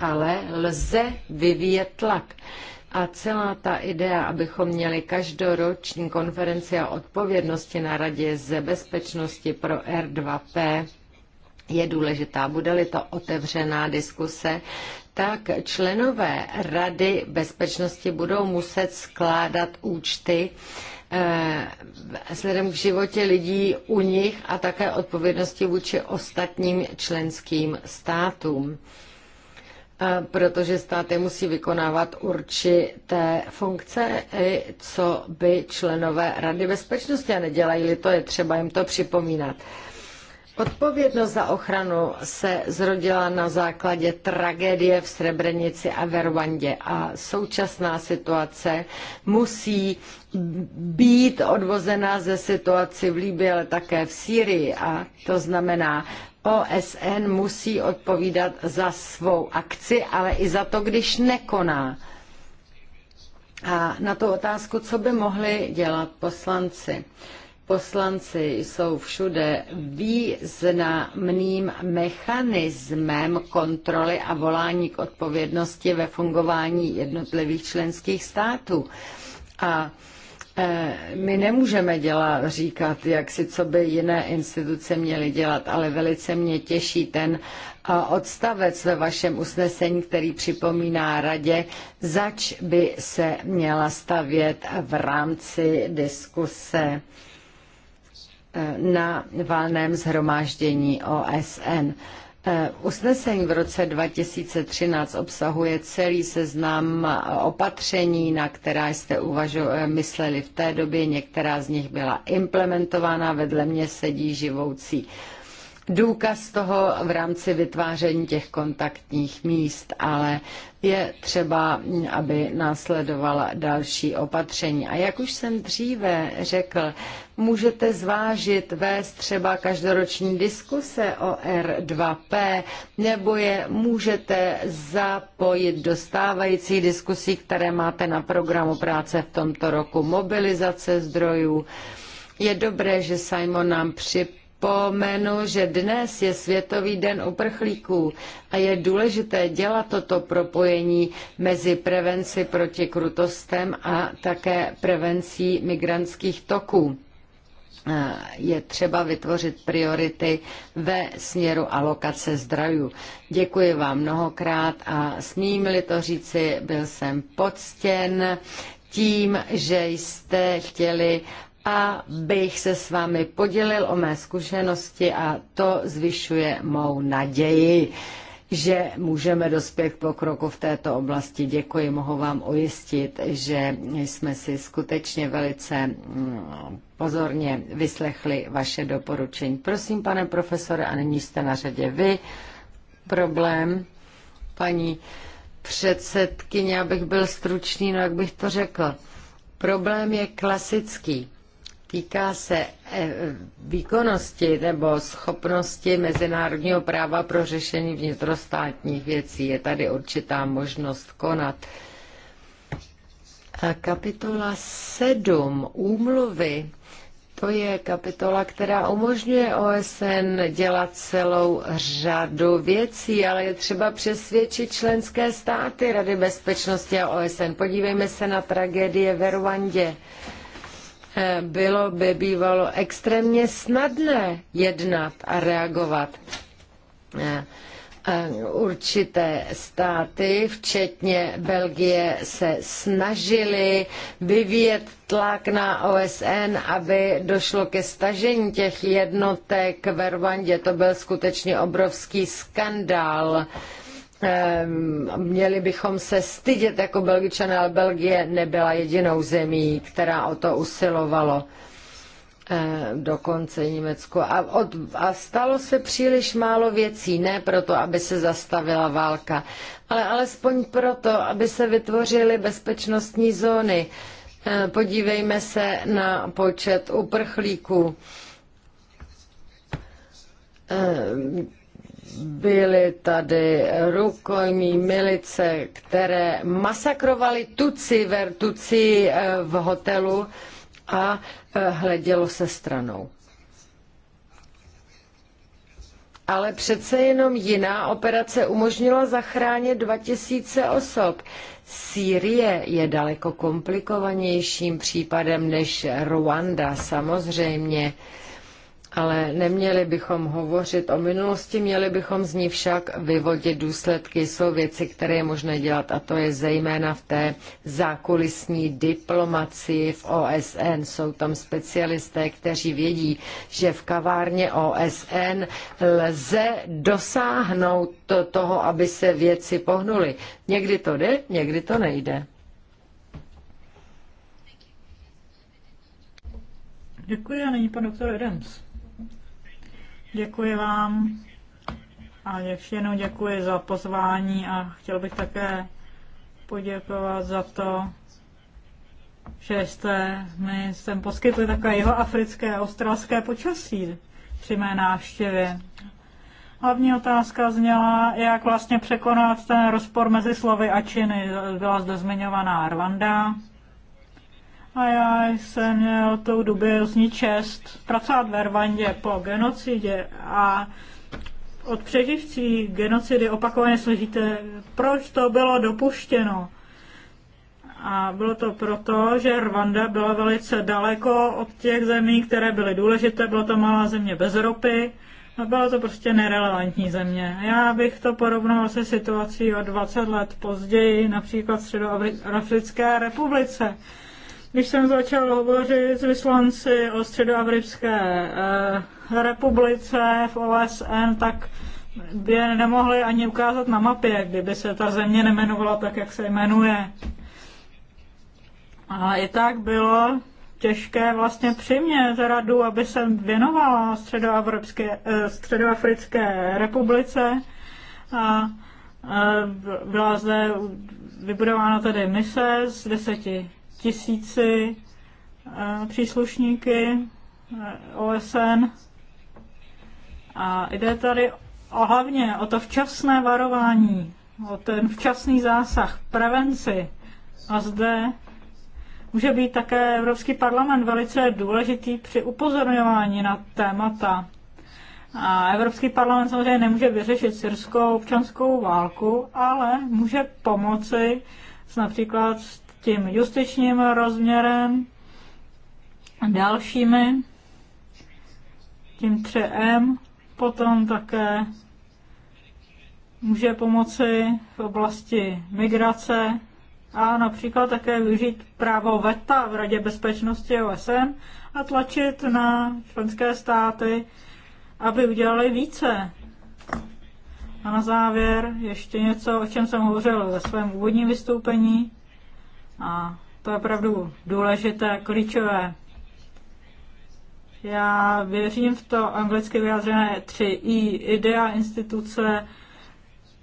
ale lze vyvíjet tlak. A celá ta idea, abychom měli každoroční konferenci o odpovědnosti na radě ze bezpečnosti pro R2P, je důležitá. Bude-li to otevřená diskuse, tak členové Rady bezpečnosti budou muset skládat účty eh, vzhledem k životě lidí u nich a také odpovědnosti vůči ostatním členským státům protože státy musí vykonávat určité funkce, co by členové Rady bezpečnosti a nedělají-li to, je třeba jim to připomínat. Odpovědnost za ochranu se zrodila na základě tragédie v Srebrenici a ve Rwandě a současná situace musí být odvozená ze situaci v Líbě, ale také v Sýrii a to znamená OSN musí odpovídat za svou akci, ale i za to, když nekoná. A na tu otázku, co by mohli dělat poslanci. Poslanci jsou všude významným mechanismem kontroly a volání k odpovědnosti ve fungování jednotlivých členských států. A Eh, my nemůžeme dělat, říkat, jak si co by jiné instituce měly dělat, ale velice mě těší ten eh, odstavec ve vašem usnesení, který připomíná radě, zač by se měla stavět v rámci diskuse eh, na valném zhromáždění OSN. Eh, usnesení v roce 2013 obsahuje celý seznam eh, opatření, na která jste uvažo- eh, mysleli v té době. Některá z nich byla implementována, vedle mě sedí živoucí důkaz toho v rámci vytváření těch kontaktních míst, ale je třeba, aby následovala další opatření. A jak už jsem dříve řekl, můžete zvážit vést třeba každoroční diskuse o R2P, nebo je můžete zapojit do stávajících diskusí, které máte na programu práce v tomto roku, mobilizace zdrojů. Je dobré, že Simon nám připravil připomenu, že dnes je Světový den uprchlíků a je důležité dělat toto propojení mezi prevenci proti krutostem a také prevencí migrantských toků je třeba vytvořit priority ve směru alokace zdrojů. Děkuji vám mnohokrát a smím-li to říci, byl jsem poctěn tím, že jste chtěli abych se s vámi podělil o mé zkušenosti a to zvyšuje mou naději, že můžeme dospět k pokroku v této oblasti. Děkuji, mohu vám ujistit, že jsme si skutečně velice mm, pozorně vyslechli vaše doporučení. Prosím, pane profesore, a nyní jste na řadě vy. Problém, paní předsedkyně, abych byl stručný, no jak bych to řekl. Problém je klasický. Týká se eh, výkonnosti nebo schopnosti mezinárodního práva pro řešení vnitrostátních věcí. Je tady určitá možnost konat. A kapitola 7 úmluvy to je kapitola, která umožňuje OSN dělat celou řadu věcí, ale je třeba přesvědčit členské státy Rady bezpečnosti a OSN. Podívejme se na tragédie ve Rwandě bylo by bývalo extrémně snadné jednat a reagovat. Eh, eh, určité státy, včetně Belgie, se snažili vyvíjet tlak na OSN, aby došlo ke stažení těch jednotek ve Rwandě. To byl skutečně obrovský skandál. Uh, Ehm, měli bychom se stydět jako Belgičané, ale Belgie nebyla jedinou zemí, která o to usilovalo ehm, dokonce Německo. A, od, a stalo se příliš málo věcí, ne proto, aby se zastavila válka, ale alespoň proto, aby se vytvořily bezpečnostní zóny. Ehm, podívejme se na počet uprchlíků Byly tady rukojmí milice, které masakrovali tuci ver tuci eh, v hotelu a eh, hledělo se stranou. Ale přece jenom jiná operace umožnila zachránit 2000 osob. Sýrie je daleko komplikovanějším případem než Ruanda, samozřejmě ale neměli bychom hovořit o minulosti, měli bychom z ní však vyvodit důsledky. Jsou věci, které je možné dělat a to je zejména v té zákulisní diplomacii v OSN. Jsou tam specialisté, kteří vědí, že v kavárně OSN lze dosáhnout to, toho, aby se věci pohnuly. Někdy to jde, někdy to nejde. Děkuji a nyní pan doktor Adams. Děkuji vám a ještě jenom děkuji za pozvání a chtěl bych také poděkovat za to, že jste mi sem poskytli takové jeho africké a australské počasí při mé návštěvě. Hlavní otázka zněla, jak vlastně překonat ten rozpor mezi slovy a činy. Byla zde zmiňovaná Rwanda, a já jsem měl tou doby z čest pracovat ve Rwandě po genocidě a od přeživcí genocidy opakovaně slyšíte, proč to bylo dopuštěno. A bylo to proto, že Rwanda byla velice daleko od těch zemí, které byly důležité, byla to malá země bez ropy a byla to prostě nerelevantní země. Já bych to porovnal se situací o 20 let později, například v Středoafrické republice když jsem začal hovořit s vyslanci o Středoevropské eh, republice v OSN, tak by je nemohli ani ukázat na mapě, kdyby se ta země nemenovala tak, jak se jmenuje. A i tak bylo těžké vlastně přimět radu, aby se věnovala středoafrické, eh, středoafrické republice. A eh, byla zde vybudována tedy mise z deseti tisíci eh, příslušníky eh, OSN. A jde tady o hlavně o to včasné varování, o ten včasný zásah, prevenci. A zde může být také Evropský parlament velice důležitý při upozorňování na témata. A Evropský parlament samozřejmě nemůže vyřešit syrskou občanskou válku, ale může pomoci s například s tím justičním rozměrem, dalšími, tím 3M, potom také může pomoci v oblasti migrace a například také využít právo VETA v Radě bezpečnosti OSN a tlačit na členské státy, aby udělali více. A na závěr ještě něco, o čem jsem hovořil ve svém úvodním vystoupení. A to je opravdu důležité, klíčové. Já věřím v to anglicky vyjádřené 3i, idea instituce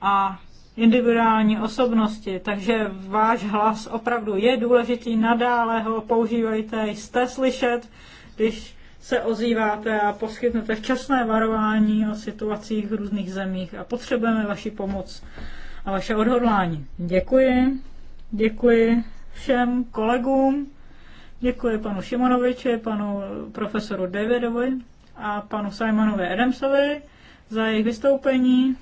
a individuální osobnosti, takže váš hlas opravdu je důležitý, nadále ho používejte, jste slyšet, když se ozýváte a poskytnete včasné varování o situacích v různých zemích a potřebujeme vaši pomoc a vaše odhodlání. Děkuji, děkuji všem kolegům. Děkuji panu Šimonoviči, panu profesoru Davidovi a panu Simonovi Adamsovi za jejich vystoupení.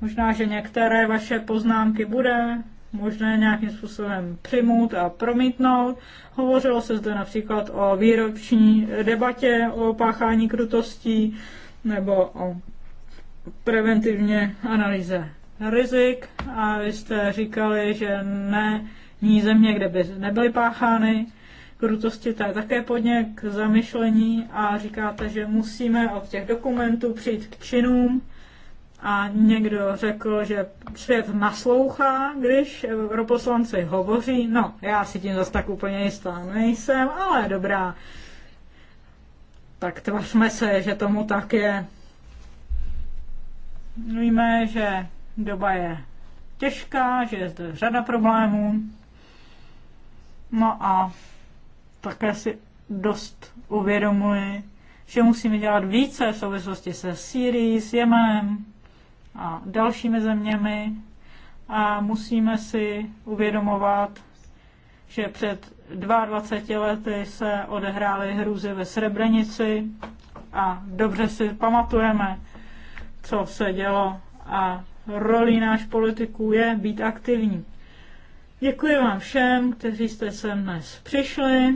Možná, že některé vaše poznámky bude možné nějakým způsobem přimout a promítnout. Hovořilo se zde například o výroční debatě o páchání krutostí nebo o preventivně analýze rizik a vy jste říkali, že ne ní země, kde by nebyly páchány krutosti, to je také podně k zamyšlení a říkáte, že musíme od těch dokumentů přijít k činům a někdo řekl, že svět naslouchá, když europoslanci hovoří. No, já si tím zase tak úplně jistá nejsem, ale dobrá. Tak tvařme se, že tomu tak je. Víme, že doba je těžká, že je zde řada problémů, No a také si dost uvědomuji, že musíme dělat více v souvislosti se Sýrií, s Jemenem a dalšími zeměmi a musíme si uvědomovat, že před 22 lety se odehrály hrůzy ve Srebrenici a dobře si pamatujeme, co se dělo a rolí náš politiků je být aktivní. Děkuji vám všem, kteří jste sem dnes přišli.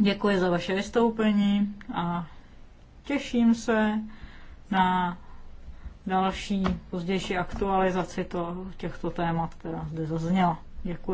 Děkuji za vaše vystoupení a těším se na další pozdější aktualizaci to, těchto témat, která zde zazněla. Děkuji.